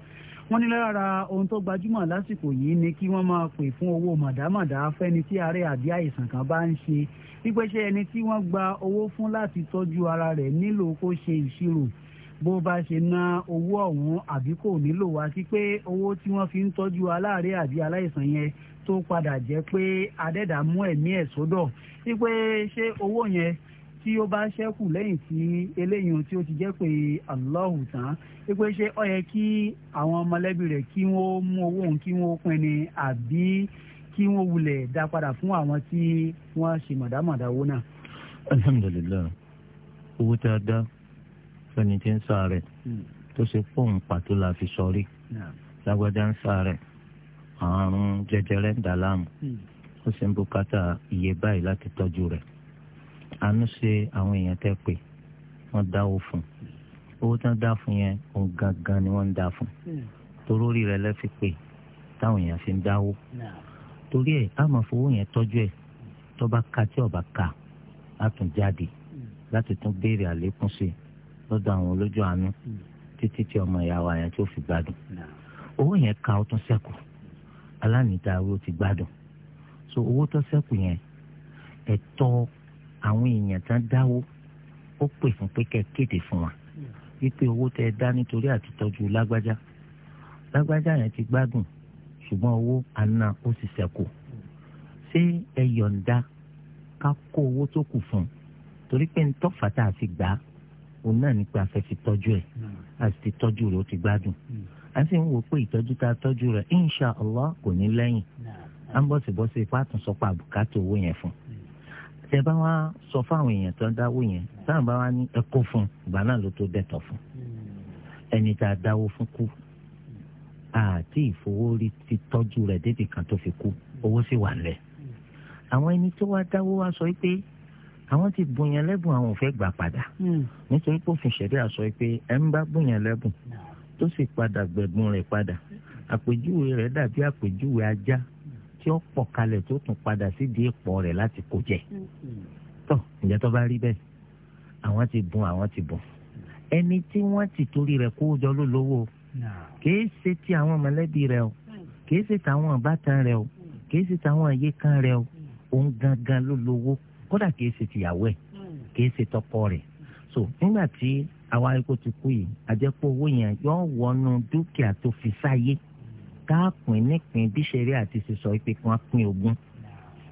wọ́n ní lára ohun tó gbajúmọ̀ lásìkò yìí ni kí wọ́n máa pè fún owó màdámàdá fẹ́ni tí àárẹ̀ àbí àìsàn kan bá ń ṣe wípé ṣé ẹni tí wọ́n gba owó fún láti tọ́jú ara rẹ̀ nílò kó ṣe ìṣirò bó bá ṣe ná owó ọ̀hún àbí kò nílò wá sí pé owó tí wọ́n fi ń tọ́jú aláàárẹ̀ àbí aláìsàn yẹn tó padà jẹ́ pé adẹ́dàá mú ẹ̀mí ẹ̀ sódọ̀ wípé ṣé owó yẹn tí ó bá ṣẹ́kù lẹ́yìn tí eléyìí tí ó ti jẹ́ pé Allahu tán pé ṣé ó yẹ kí àwọn mọ̀lẹ́bí rẹ̀ kí wọ́n mú owó òun kí wọ́n pín ni àbí kí wọ́n wulẹ̀ dá padà fún àwọn tí wọ́n ṣe mọ̀dámọ̀dá owó náà. alhamdulilayi owó tí a dá fẹni tí ń sáré hmm. tó ṣe fóun pàtó la fi sọrí lágbádá ń sáré àrùn jẹjẹrẹ ń dà láàmú hmm. ó sì ń bùkátà iye báyìí láti tọ́jú rẹ̀ àánú ṣe àwọn èèyàn tẹ́ pé wọ́n dáwó fún owó tán dá fún yẹn òun gangan ni wọ́n ń dá fún hmm. torórí rẹ̀ lẹ́fi pé táwọn èèyàn fi ń dáwó torí ẹ̀ á máa fowó yẹn tọ́jú ẹ̀ tó bá ka tí ọba ka á tún jáde hmm. láti tún béèrè àlékún sí i lọ́dọ̀ àwọn olójú àánú hmm. títí tí ọmọ ìyá wa yẹn tó fi gbádùn owó yẹn ka ó tún ṣẹ́kù aláníta ó ti gbádùn so owó tó ṣẹ́kù yẹn ẹ̀tọ́ àwọn èèyàn tán dáwó ó pè fún pé kẹ́ kéde fún wa wípé owó tẹ́ dá nítorí àtitọ́jú lágbájá lágbájá yẹn ti gbádùn ṣùgbọ́n owó àná ó sì ṣẹ́kù ṣé ẹ yọ̀ǹda ká kó owó tó kù fún un torí pé ntọ́fà tá a fi gbà á òun náà ní pé a fẹ́ fi tọ́jú ẹ̀ a sì ti tọ́jú rẹ̀ ó ti gbádùn a sì ń wò pé ìtọ́jú tá a tọ́jú rẹ̀ insha kò ní lẹ́yìn à ń bọ̀sibọ́sí ipá tún sọ pé àbùkátà owó yẹn fún un tẹ bá wá sọ fáwọn èèyàn tó dáwó yẹn táwọn bá wá ní ẹkọ fún ìgbà náà ló tó dẹ̀tọ̀ fún ẹni tá a dáwó fún kú àti ìfowórí ti tọ́jú rẹ̀ débi kan tó fi kú owó sì wà lẹ̀ àwọn ẹni tó wá dáwó wá sọ pé àwọn ti bùnyàn lẹ́bùn àwọn ò fẹ́ gbà padà hmm. nítorí pé òfin ṣẹ̀ríà sọ pé ẹ ń bá bùnyàn lẹ́bùn tó sì padà gbẹ̀bùn rẹ̀ padà àpèjúwe rẹ̀ dàbí àpèjúwe ajá tí ó pọ̀ kalẹ̀ tó tún padà sídìí ìpọ̀ rẹ̀ láti kó jẹ. Mm. tó ǹjẹ́ tó bá rí bẹ́ẹ̀ àwọn ti bùn àwọn ti bùn ẹni tí wọ́n ti torí rẹ̀ kó jọ ló lówó kìí ṣe ti àwọn mọ̀lẹ́bí rẹ̀ o mm. kìí ṣe tàwọn ìbátan rẹ̀ o mm. kìí ṣe tàwọn àyíkan rẹ̀ o òun gangan ló lówó kódà kìí ṣe tìyàwó ẹ̀ kìí ṣe tọkọ rẹ̀ so nígbà tí àwa ikú ti kú yìí àjẹpọ̀ owó yẹn yọ wọnú dúkìá tó fi sáyé. Mm tá a pín nípìn bí ṣeré àti sísọ pé kí wọ́n pín ogún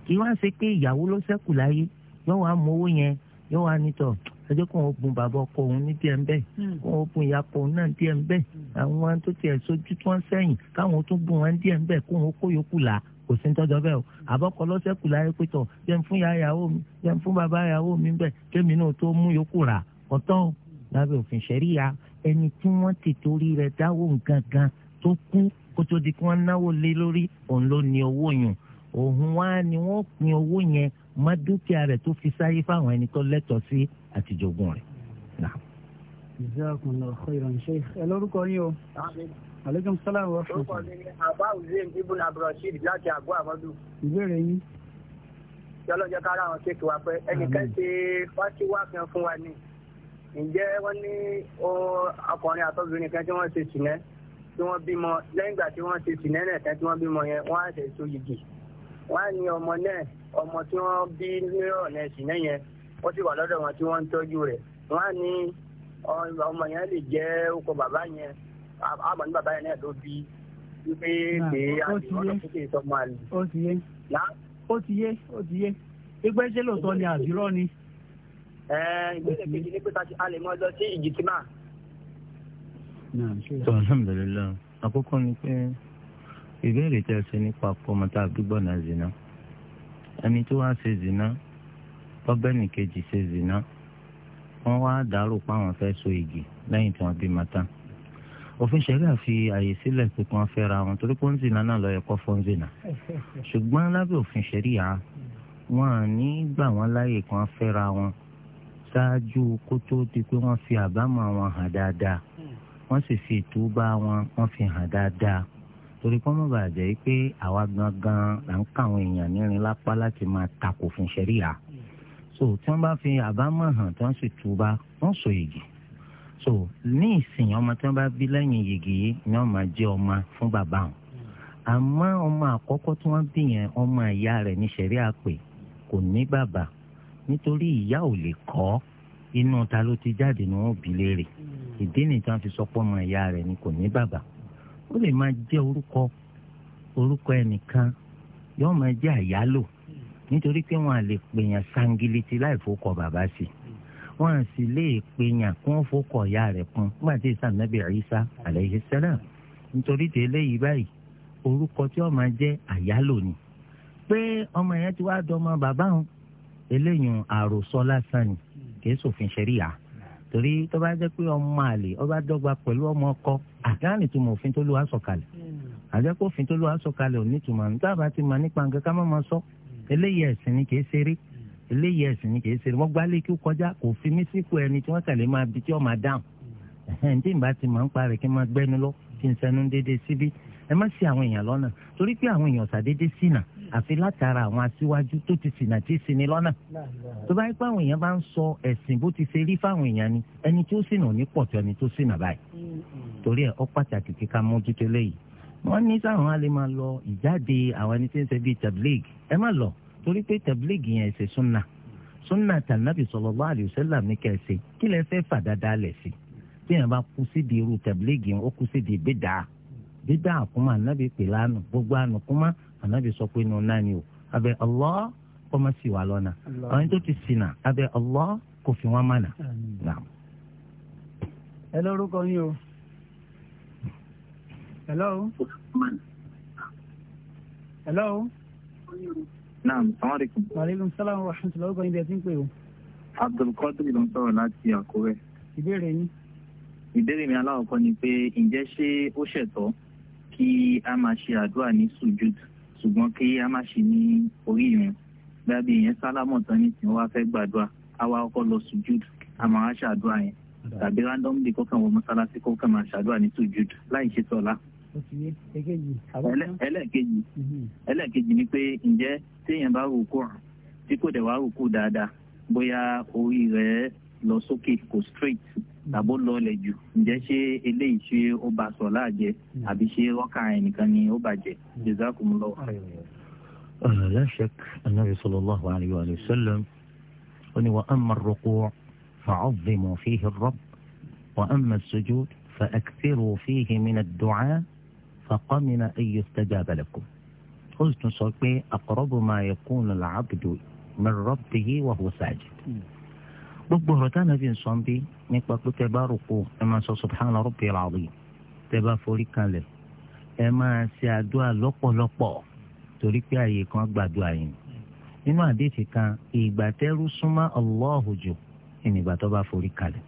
kí wọ́n ṣe pé ìyàwó ló ṣẹ́kù láyé yóò wá mú owó yẹn yóò wá nítọ̀ ẹ jẹ́ kó wọn bùn bàbá ọkọ òun ní díẹ̀ ń bẹ̀ hmm. kó wọn bùn ìyá ọkọ òun náà díẹ̀ ń bẹ̀ hmm. àwọn tó tiẹ̀ sojú tí wọ́n sẹ́yìn káwọn tó bùn wọn díẹ̀ ń kó wọn kó yòókù là kò sí tọ́jọ́ bẹ́ẹ̀ o àbọ̀kọ lọ́sẹ̀kù láyé pé tọ̀ jẹ́ fún ìyàwó mi jẹ́ fún bàbá ìyàwó mi bẹ́ẹ̀ kémi náà tó mú yòókù rà ọ̀tọ̀ lábẹ́ òfin ṣẹ̀ríya ẹni tí wọ́n ti torí rẹ̀ dáwó nǹkan gan tó kú kó tó di kí wọ́n náwó lé lórí òun ló ní owó yùn òun wá ni wọ́n pín owó yẹn má dúkìá rẹ̀ tó fi sáyé fáwọn ẹni tó lẹ́tọ̀ọ́ sí àtijọ́gùn rẹ̀. jazakumullahu khairan sheikh ẹ lórúkọ yín o aleykum salaam wa rahmatulah. orúkọ mi ni abba hussein ibn abdulrasheed láti àgọ́ àmọ́dù. ìbéèrè yín. yọlọ́jọ́ kára àwọn kéèkì wa pé ẹnìkan ṣe fásiwá kan fún wa ni ǹjẹ́ wọ́n ní ọkùnrin àtọ́bìnrin kan tí wọ́n ṣe sùn náà tí wọ́n bímọ lẹ́yìn ìgbà tí wọ́n ṣe sìnẹ́nẹ̀ tán tí wọ́n bímọ yẹn wọ́n á ṣe so yìgì wọ́n á ní ọmọ náà ọmọ tí wọ́n bí nírọ̀lẹ́ sìnẹ́ yẹn ó sì wà lọ́dọ̀ wọn tí wọ́n ń tọ́jú rẹ̀ wọ́n á ní ọmọ yẹn lè jẹ́ ọkọ bàbá yẹn àmọ́ ní bàbá yẹn náà ló bí wípé pé àdìmọ́lọ́ fún kì í sọmọ àlè. ó ti yé ó ti yé ó ti yé pípẹ́ tó alhamdulilayi àkọ́kọ́ ni pé ìbéèrè tẹ́ ẹ ṣe nípa ọmọ tá a gbígbọ́ náà zina ẹni tó wá ṣe zina ọbẹ̀nì kejì ṣe zina wọ́n wá dàrú pa fẹ́ so igi lẹ́yìn tí wọ́n bí mata òfin ṣẹlẹ̀ fi àyè sílẹ̀ pé kí wọ́n fẹ́ ra wọn torí pé ń zina náà lọ́yẹ̀ kọ́ fún zina ṣùgbọ́n lábẹ́ òfin ṣẹ̀ríà wọn à ní gbà wọ́n láàyè kí wọ́n fẹ́ ra wọn ṣáájú kó di pé wọ́n fi àbámọ̀ wọn hàn dáadáa wọ́n sì fi ìtúbà wọn wọ́n fi hàn dáadáa torí kọ́ mọ̀ bàjẹ́ pé àwa gangan là ń káwọn èèyàn nírin lápá láti máa takò fún ṣẹ́ríà so tí wọ́n bá fi àbámọ̀ hàn tí wọ́n sì túbà wọ́n sọ yìgì so ní ìsìn ọmọ tí wọ́n bá bí lẹ́yìn yìgì yìí ni wọ́n máa jẹ́ ọmọ fún bàbá wọn àmọ́ ọmọ àkọ́kọ́ tí wọ́n bí yẹn ọmọ ìyá rẹ̀ ní ṣẹ̀ríà pé kò ní bàbá nítorí ìyá ò lè kọ́ inú ta ló ti jáde ni wọ́n bí léèrè ìdí nìkan fi sọ pé ọmọ ìyá rẹ̀ ni kò ní bàbá ó lè máa jẹ́ orúkọ orúkọ ẹnìkan yóò máa jẹ́ àyálò nítorí pé wọn à lè pèèyàn sangiliti láì fọkọ bàbá sí wọn à sì lè pèèyàn kí wọn fọkọ ìyá rẹ̀ kún nígbà tí ìsàn nàbì Ìsá alayhi salam nítorí tẹ́lẹ̀ yìí báyìí orúkọ tí ó máa jẹ́ àyálò ni pé ọmọ yẹn ti wá dọmọ bàbá òun eléyìí àròsọ lásán ni kìí ṣòfin ṣẹríà torí tó bá jẹ́ pé ọmọ àlè ọba dọ́gba pẹ̀lú ọmọ ọkọ àdáni tó mọ òfin tó lù wá sọ̀kalẹ̀ àjẹpọ̀ hmm. òfin tó lù wá sọ̀kalẹ̀ ò ní tùmọ̀ níta bá ti mọ̀ nípa nǹkan ká má máa sọ hmm. eléyìí ẹ̀sìn ni kìí ṣeré hmm. eléyìí ẹ̀sìn ni kìí ṣeré wọ́n gbá lékí kọjá kò fi mí síkù ẹni tí wọ́n kàlẹ́ máa bi tí ọmọ dáhùn ẹ̀hìn tí n bá ti máa ń parẹ́ kí n máa gbẹ́nu lọ kí n sẹ́nu déédéé síbí ẹ má sí àwọn èèyàn lọ́nà torí pé àwọn èèyàn ṣàdédé ṣìnà àfi látara àwọn aṣíwájú tó ti ṣìnà tí ṣini lọ́nà tó bá yẹ pé àwọn èèyàn bá ń sọ ẹ̀sìn bó ti ṣe rí fáwọn èèyàn ni ẹni tó ṣìnà ní pọ̀ ẹni tó ṣìnà báyìí torí ẹ̀ ó pàtàkì kíkà mójútó léyìí wọ́n ní sáwọn alẹ́ máa lọ ìjáde àwọn ẹni tí ń ṣe bíi tablig ẹ má lọ torí pé tablig yẹn ṣe súnà súnà tànàbì sallallahu alaihi wasallam ní kẹsì kí lẹ fẹ́ fàdáadáa lẹ̀ sí tí yẹn bá kú sídìí irú ànábì sọ pé inú náà o abẹ Allah kó má sì wà lọ́nà àwọn tó ti ṣìnà abẹ Allah kó fi wọ́n mọ̀nà. ẹ lórúkọ yín o. hello. hello. naam salaamaleykum. maaleykum salaam wa rahmatulah ọkọ yín bí ẹ ti ń pè o. abdulkadir ló ń sọ̀rọ̀ láti àkúrẹ́. ìbéèrè yín. ìbéèrè mi aláwọ̀ kan ni pé ǹjẹ́ ṣé ó ṣẹ̀tọ́ kí a máa ṣe àdúrà ní sùjúdù ṣùgbọ́n kí a má ṣe ní orí irun gbàbí yẹn sálámọ̀ tán ní tí wọ́n fẹ́ gbàdúrà àwa ọkọ̀ lọ sùjúd àmọ́ a ṣàdúrà yẹn tàbí randomly kọ́kàn wọ mọ́sálásí kọ́kàn máa ṣàdúrà ní sùjúd láì ṣe sọ̀lá. ẹlẹ́ẹ̀kejì ẹlẹ́ẹ̀kejì ni pé ǹjẹ́ téèyàn bá rúkú tí kò dẹ̀ wá rúkú dáadáa bóyá orí rẹ̀ lọ sókè kò straight tàbó lọlẹ̀ jù ǹjẹ́ ṣé eléyìí ṣe ó bá sọ láàjẹ hmm. àbí ṣé rọ́kà ẹnìkan ni ó bàjẹ́ hmm. jazakumullahu. la shak anabi sallallahu alayhi wa sallam ó ní wa amma ar-ruku' fa'azzimu fihi ar-rabb wa amma as-sujud fa'akthiru fihi min ad-du'a faqamina an yustajaba lakum. ó sì tún sọ pé aqrabu ma yakunu al-'abdu min gbogbo ọ̀rọ̀ táwọn fi ń sọ bí nípa pé tẹ bá rúkú ẹ máa sọ subhana rabbiyal azim tẹ bá forí kanlẹ̀ ẹ máa ṣe àdúrà lọ́pọ̀lọpọ̀ torí pé àyè kan gbàdúrà yìí nínú àdéhìí kan ìgbà tẹ́rú súnmọ́ Allahu jù ìnìgbà tó bá forí kanlẹ̀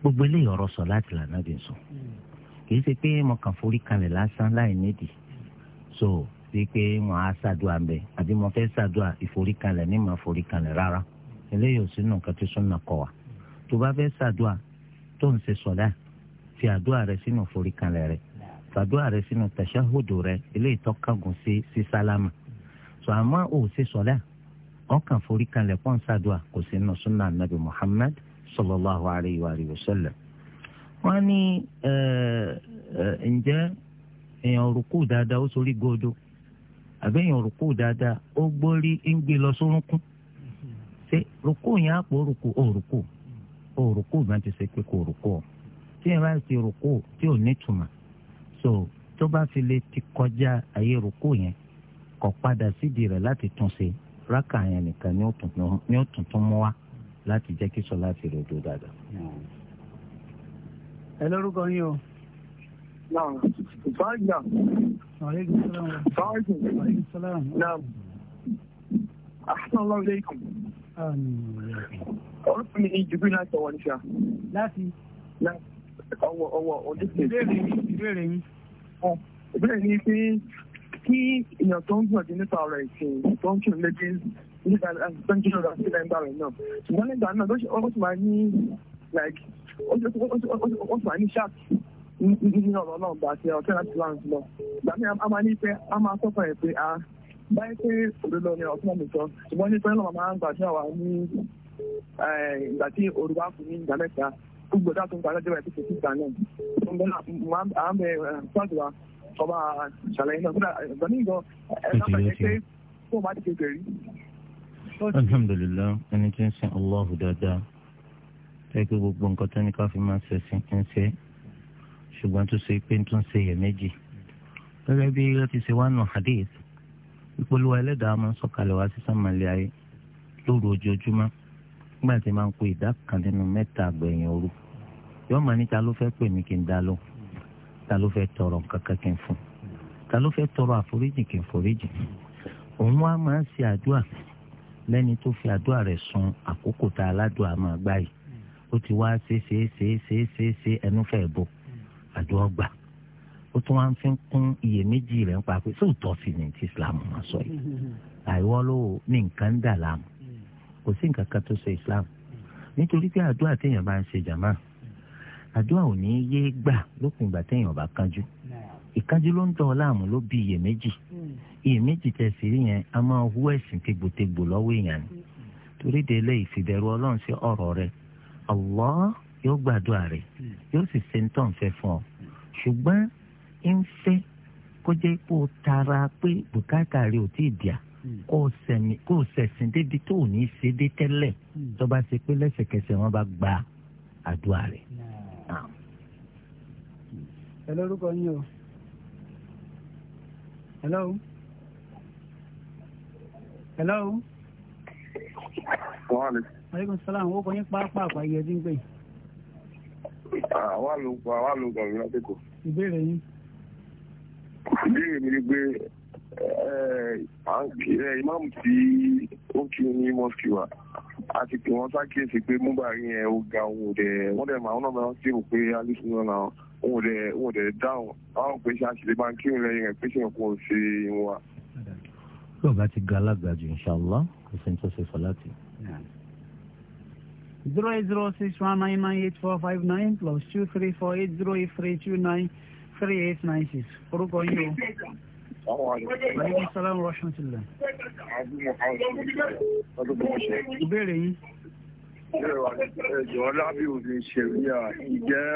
gbogbo eléyìí ọ̀rọ̀ sọ láti lànà bí n sọ kìí ṣe pé mo kàn forí kanlẹ̀ lásán láì nídìí so bíi pé wọn á ṣàdúrà mbẹ àbí mo fẹ́ ṣàdúrà ìforí kanlẹ̀ ní ma forí kanlẹ̀ rárá eléyìí ò sínú nǹkan tí súnà kọ wa tó bá fẹ́ ṣàdúà tó ń ṣe sọ̀dá fi àdúà rẹ sínú foríkanlẹ̀ rẹ fàdúà rẹ sínú tàṣàhùdù rẹ eléyìí tó kángun sí sí sálámà tó àmọ́ ò ṣe sọ̀dá ọkàn foríkanlẹ̀ pọ́n ṣàdúà kò sínú súnà nàbì Muhammad sallallahu alayhi wa sallam wọ́n ní ǹjẹ́ èèyàn rúkú dáadáa ó sorí góodó àbẹ́yàn rúkú dáadáa ó gbórí ń gbé lọ sórúnkún ṣé rúkú yẹn àpò rúkú ó rúkú ó rúkú bá ti ṣe pé kò rúkú tí ẹ bá ti rúkú tí ò nítumọ̀ so tó bá fi lè ti kọjá àyè rúkú yẹn kò padà sídìí rẹ̀ láti tún ṣe rákà yẹn nìkan ni ó tún tún mú wá láti jẹ́ kí sọlá ti ròdo dáadáa. ẹ lórúkọ yín o. Naam. Fáàjà. Aleykum salaam. Fáàjà. Aleykum salaam. Naam. Asalaamualeykum orúkọ mi ni jubil láti ọwọ́ níṣà. láti. ọwọ́ ọwọ́ ojúṣe. ìbéèrè yín ìbéèrè yín. ìbéèrè ni pé kí èèyàn tó ń gbìyànjú nípa ọ̀rọ̀ ìsìn tó ń kírun lédè nípa àtúntò ọ̀rọ̀ àti ìlànà rẹ̀ náà ṣùgbọ́n nígbà náà ló ṣe ọkọ̀ tó máa ní like ó ti máa ní ṣáàtì nínú ọ̀rọ̀ náà gbà àti ọ̀tẹ́ láti láǹtì lọ. ìgbà mi a máa ní pé a máa sọ́kàn ẹ̀ pé a ah, báyìí pé òdodo ni ọ̀tún mi sọ ṣùgbọ́n ní pẹ́ńlọ màmá ń gbàdúrà wà ní eh, ìgbà tí òrùba kù ní ìgbà mẹ́ta gbogbo dáàtò ń gbàdájọ́ ẹ̀ tó ti gbà náà tó ń bẹ́ à ń bẹ eh, fúláàtì wa ọba ṣàlàyé náà kódà eh, ìgbà ní ìgbà ẹ̀ sábẹ̀ pé kó o má ti kékeré rí. alhamdulilayi ẹni tí ń sin allahu dáadáa tẹ́ kí gbogbo nǹkan tó ní ká fi máa ṣẹ̀sìn ń ṣe ṣùgbọ́n tó ṣe pé tó ń ṣe iyèméjì gẹ́gẹ́ bí ó ti ṣe wá nù hadith ìpolówó ẹlẹ́dàá máa ń sọ̀kalẹ̀ wá sí sàmàlẹ́ ayé lóru ojoojúmọ́ nígbà tí máa ń pe ìdá kan nínú mẹ́ta àgbẹ̀yìn òru yóò máa ní ta ló fẹ́ pè mí kí n dá lọ ta ló fẹ́ tọrọ kankan kí n fún ta ló fẹ́ tọrọ àforíjì kí n foríjì òun wá máa ń ṣe àdúrà lẹ́ni tó fi àdúrà rẹ̀ sun àkókò tá a ládùúà máa gbá ó ti wá ṣe ṣe ṣe ṣe ṣe ẹnu fẹ́ bọ̀ àdúrà gbà ó tún wá ń fi kún iyèméjì rẹ̀ ń pa pé sóòótọ́ sí ni ti islam máa sọ yìí àìwọ́ ló ní nǹkan dà láàmú kò sí nǹkan kan tó sọ islam nítorí pé àdúrà téèyàn bá ń ṣe jàmá àdúrà ò ní yé gbà lópin ìgbà téèyàn bá kánjú ìkánjú ló ń dán ọ láàmú ló bí iyèméjì iyèméjì tẹ̀ sí yẹn a máa hú ẹ̀sìn tegbòtegbò lọ́wọ́ èèyàn ni torí de lè ìfìbẹ̀rù ọlọ́run sí ọ̀rọ̀ Allah yóò gbàdúrà rẹ̀ yóò sì ṣe ń tàn ń fẹ́ kó jẹ́ kó o tara pé bùkátà rẹ ò tí ì dìá hmm. kó o sẹ̀mí kó o sẹ̀sìn débi tó o ní í ṣe dé tẹ́lẹ̀ hmm. tó bá ṣe pé lẹ́sẹ̀kẹsẹ̀ wọ́n bá gba àdúrà rẹ̀. Ah. ẹ lórúkọ yín o. hello. hello. wàhálà. aleykum salaam owó kan yín pàápàá àpáyé ẹ ti ń ah, àwa ló pa àwa ló gbàgbé lásìkò. ìbéèrè yín ìbéèrè mi ni pé ìmáàmù tí ó kí ní mọ́sùkì wa a ti pè wọ́n ṣàkíyèsí pé múbàrí yẹn ó ga òun ò dẹ̀ wọ́n dẹ̀ máa ń náà máa ń sèrò pé alison náà òun ò dẹ̀ òun ò dẹ̀ dáhùn báwọn pé ṣe àṣìlè máa ń kírun lẹ́yìn rẹ̀ pé ṣe kò ṣe ìwọ̀n wa. bí o bá ti ga alágbàjù inṣàlá kò sí ní tó ṣe sọláàtì. zero eight zero six one nine nine eight four five nine plus two three four eight zero eight three two nine three eight nine six orúkọ yín o. aleykum salaam wa rahmatulah. ìbéèrè yín. ẹ̀jọ̀ lábẹ́ òfin ṣẹ̀ríà ìjẹ́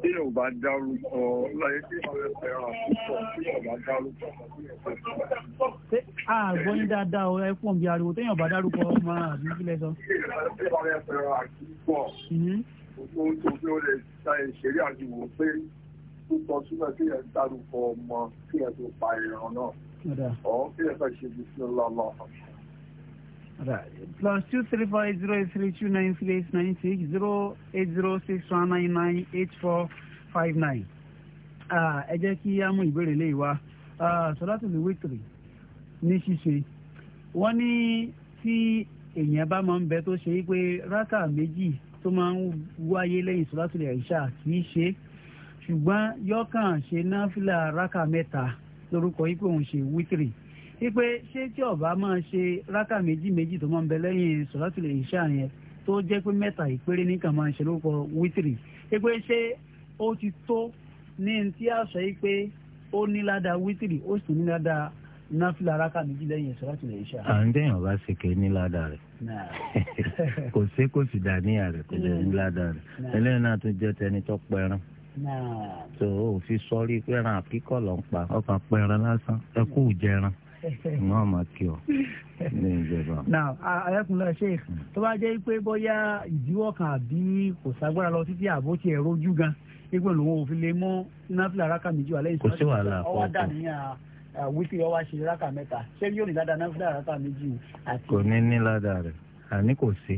tí yóò bá dárúkọ láyé tí o fẹ́ fẹ́ràn púpọ̀ tí yóò bá dárúkọ. a gbọ́ ní dáadáa ọ ẹ pọ̀ bí ariwo téèyàn bá dárúkọ ọmọ àbí kílẹ̀ sọ. tí yóò bá fẹ́ràn púpọ̀ tó tó fi ó lè ṣe ìṣeré àti pé tó tọ́ súnmọ́ kí ẹ̀ dárúkọ ọmọ kí ẹ̀ tó pa ìran náà ọ̀ kí ẹ̀ fẹ́ ṣe bí sí ọlọ́lọ́ plus two three five eight zero eight three two nine three eight nine six zero eight zero six one nine nine eight four five nine. ẹ jẹ́ kí á mú ìbéèrè lè wá sọ́dọ̀tò lè wítìrì ní ṣíṣe wọ́n ní tí èèyàn bá máa ń bẹ tó ṣe é pé rákà méjì tó máa ń wáyé lẹ́yìn sọ́dọ̀tò lè ṣáà kì ṣe é ṣùgbọ́n yọkàn ṣe náfìlà rákà mẹ́ta lórúkọ yìí pé òun ṣe wítìrì wípé ṣé tí ọba máa ṣe rákà méjì méjì tó máa ń bẹ lẹ́yìn sọ̀rọ̀tìlẹ̀ ìṣá yẹn tó jẹ́ pé mẹ́ta ìpéré nìkan máa ń ṣe lórúkọ wítìrì wípé ṣé ó ti tó ní ti àṣọ yìí pé ó ní ládàá wítìrì ó sì ní ládàá náfìlà rákà méjì lẹ́yìn sọ̀rọ̀tìlẹ̀ ìṣá. à ń dẹ́yìn ọba ṣe kẹ́ ní ládàá rẹ̀ (laughs) kò sí kò sì dàníyà rẹ̀ kò dẹ̀ ní ládàá rẹ̀ ẹlẹ́yìn náà tún jẹ́ tẹni tó pẹran tó o fi sọrí pé ẹran àkíkọ̀ ló ń pa ọkàn pẹran lásán ẹ kú jẹran ìmọ̀ (laughs) ọmọ kí ọ ní ìjọba. náà ayẹ́kùnlẹ̀ ṣe tó bá jẹ́ pé bóyá ìdíwọ́ kan àbí kò ságbára lọ títí àbó tiẹ̀ rojú gan ipò lòun ò fi lè mú náfìlà rákà méjì wà lẹ́yìn sọ́dọ̀ kò sí wàhálà ọwọ́ dà níyàn wípé ọwọ́ ṣe rákà mẹ́ta ṣé yóò ní ládàá náfìlà rákà méjì kò ní ní ládàá rẹ̀ àní kò sí.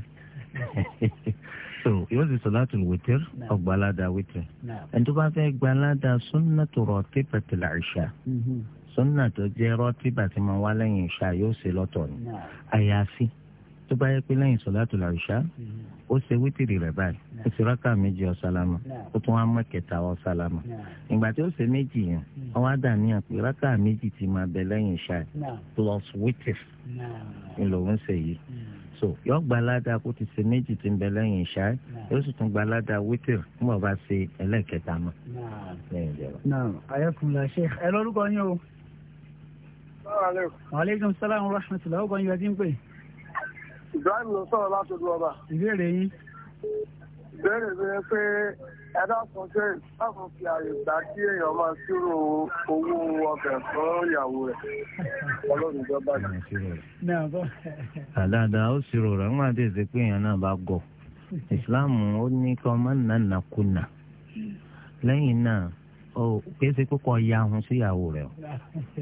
(laughs) so yóò sì sọláàtù wìtìr ọgbàládà wìtìr ẹni tó bá fẹ́ gbàládà sunna tó rọ tẹ́pẹ̀ tẹ̀lé àṣà mm-hmm. sunna tó jẹ́ rọ́tìbà tí máa wá lẹ́yìn ìṣá yóò ṣe lọ́tọ̀ ni àyàfi tó bá yẹ pé lẹ́yìn sọláàtù làṣà mm-hmm. ó ṣe wítìrì rẹ̀ báyìí ó ṣe rákà méjì ọ̀sálámà ó tún wá mọ̀kẹta ọ̀sálámà ìgbà tí ó ṣe méjì yẹn wọ́n mm-hmm. wá dà níyàn pé rákà méjì ti máa bẹ lẹ́yìn ìṣá plus wítìrì ni lòun ṣe yìí so yọ gba aládàá kó ti ṣe méjì tí ń bẹ lẹ́yìn ìṣá yóò sì tún gba aládàá wítìr fún bàbá ṣe ẹlẹ́ẹ̀kẹta mọ́. náà ayẹ́kùnlá ṣe ẹ lórúkọ yín o. maaleykum salaam wa rahmatulah ọkọ yín ẹtí ń pè. ibrahim ló sọ̀rọ̀ láti ọdún ọba. ìbéèrè yín. ìbéèrè mi pé ẹ ṣe fi àyè gbà kí èèyàn máa ṣírò owó ọbẹ̀ fún ìyàwó rẹ̀ ọlọ́run ìjọba dáadáa ó ṣírò rẹ̀ ní kí ọmọ náà ó ya sí ìyàwó rẹ̀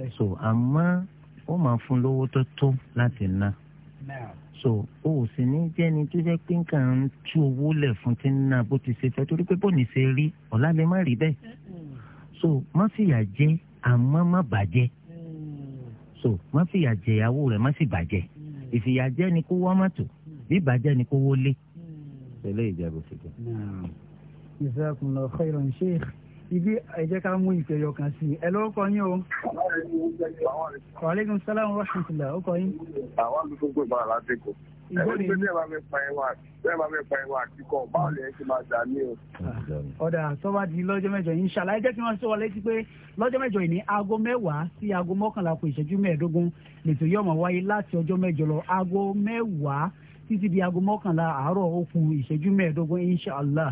(laughs) so àmọ́ ó máa fún lówó tó tó láti ná. so o ò sì ní jẹ́ni tó jẹ́ pé nǹkan ń tú owó lẹ̀ fún ti na bó ti ṣe fẹ́ torí pé bó ní ṣe rí ọ̀la lè má rí bẹ́ẹ̀ so má fìyà jẹ àmọ́ má bàjẹ́ so má fìyà jẹ ìyàwó rẹ̀ má sì bàjẹ́ ìfìyà jẹ ni kó wá mọ́tò bí bàjẹ́ ni kó wọlé. ṣẹlẹ̀ ìjà bó ṣe jẹ. jazakumullahu khairan sheikh ibi ẹ jẹ́ ká mú ìfẹyọ kan sí i ẹ lọ kọ yín o. wàhálẹ́gùn sálámù rọ́ṣùntìlá ó kọ yín. àwọn àlùfò gbogbo àlá ti kù. ìbéèrè yín bẹ́ẹ̀ bá mi pa ẹwà bẹ́ẹ̀ bá mi pa ẹwà àtikọ̀ báwo lè ṣe máa dà ní o. ọ̀dà tó bá di lọ́jọ́ mẹ́jọ yìí ṣàlàyé jẹ́ kí wọ́n sọ wọlé sí pé lọ́jọ́ mẹ́jọ yìí ní aago mẹ́wàá sí aago mọ́kànlá kù ìṣẹ́jú mẹ́ẹ̀ẹ́dógún lètò yóò máa wáyé láti ọjọ́ mẹ́jọ lọ aago mẹ́wàá títí di aago mọ́kànlá àárọ̀ ó kù ìṣẹ́jú mẹ́ẹ̀ẹ́dógún inṣàlá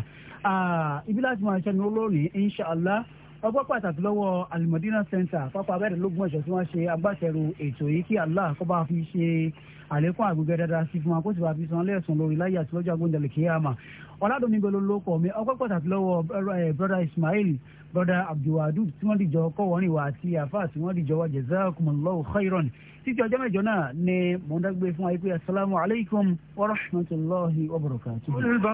ibi láti máa ṣẹ́nu lónìí inshàlá ọgbọ́n pàtàkì lọ́wọ́ alimọ̀dínà center pápá abẹ́rẹ́ lógún ọ̀ṣọ́ tí wọ́n ṣe agbátẹrù ètò yìí kí allah kó bá fi ṣe àlékún àgbègbè dáadáa sí fún wa kó sì bá fi san lẹ́sùn lórí láyé àti lọ́jọ́ agbóńdẹ̀lẹ̀ kíyàmà ọ̀làdùnmí gbẹlú lóko mi ọgbọ́n pàtàkì lọ́wọ́ eh, brother ismail brother abdulwadud tí wọ́n dìjọ kọ́ wọ́n rìn wá àti àfa tí wọ́n dìjọ wá jazakumullahu khairan títí ọjọ́ mẹ́jọ náà ni mọ̀ọ́dá gbé fún wa yìí pé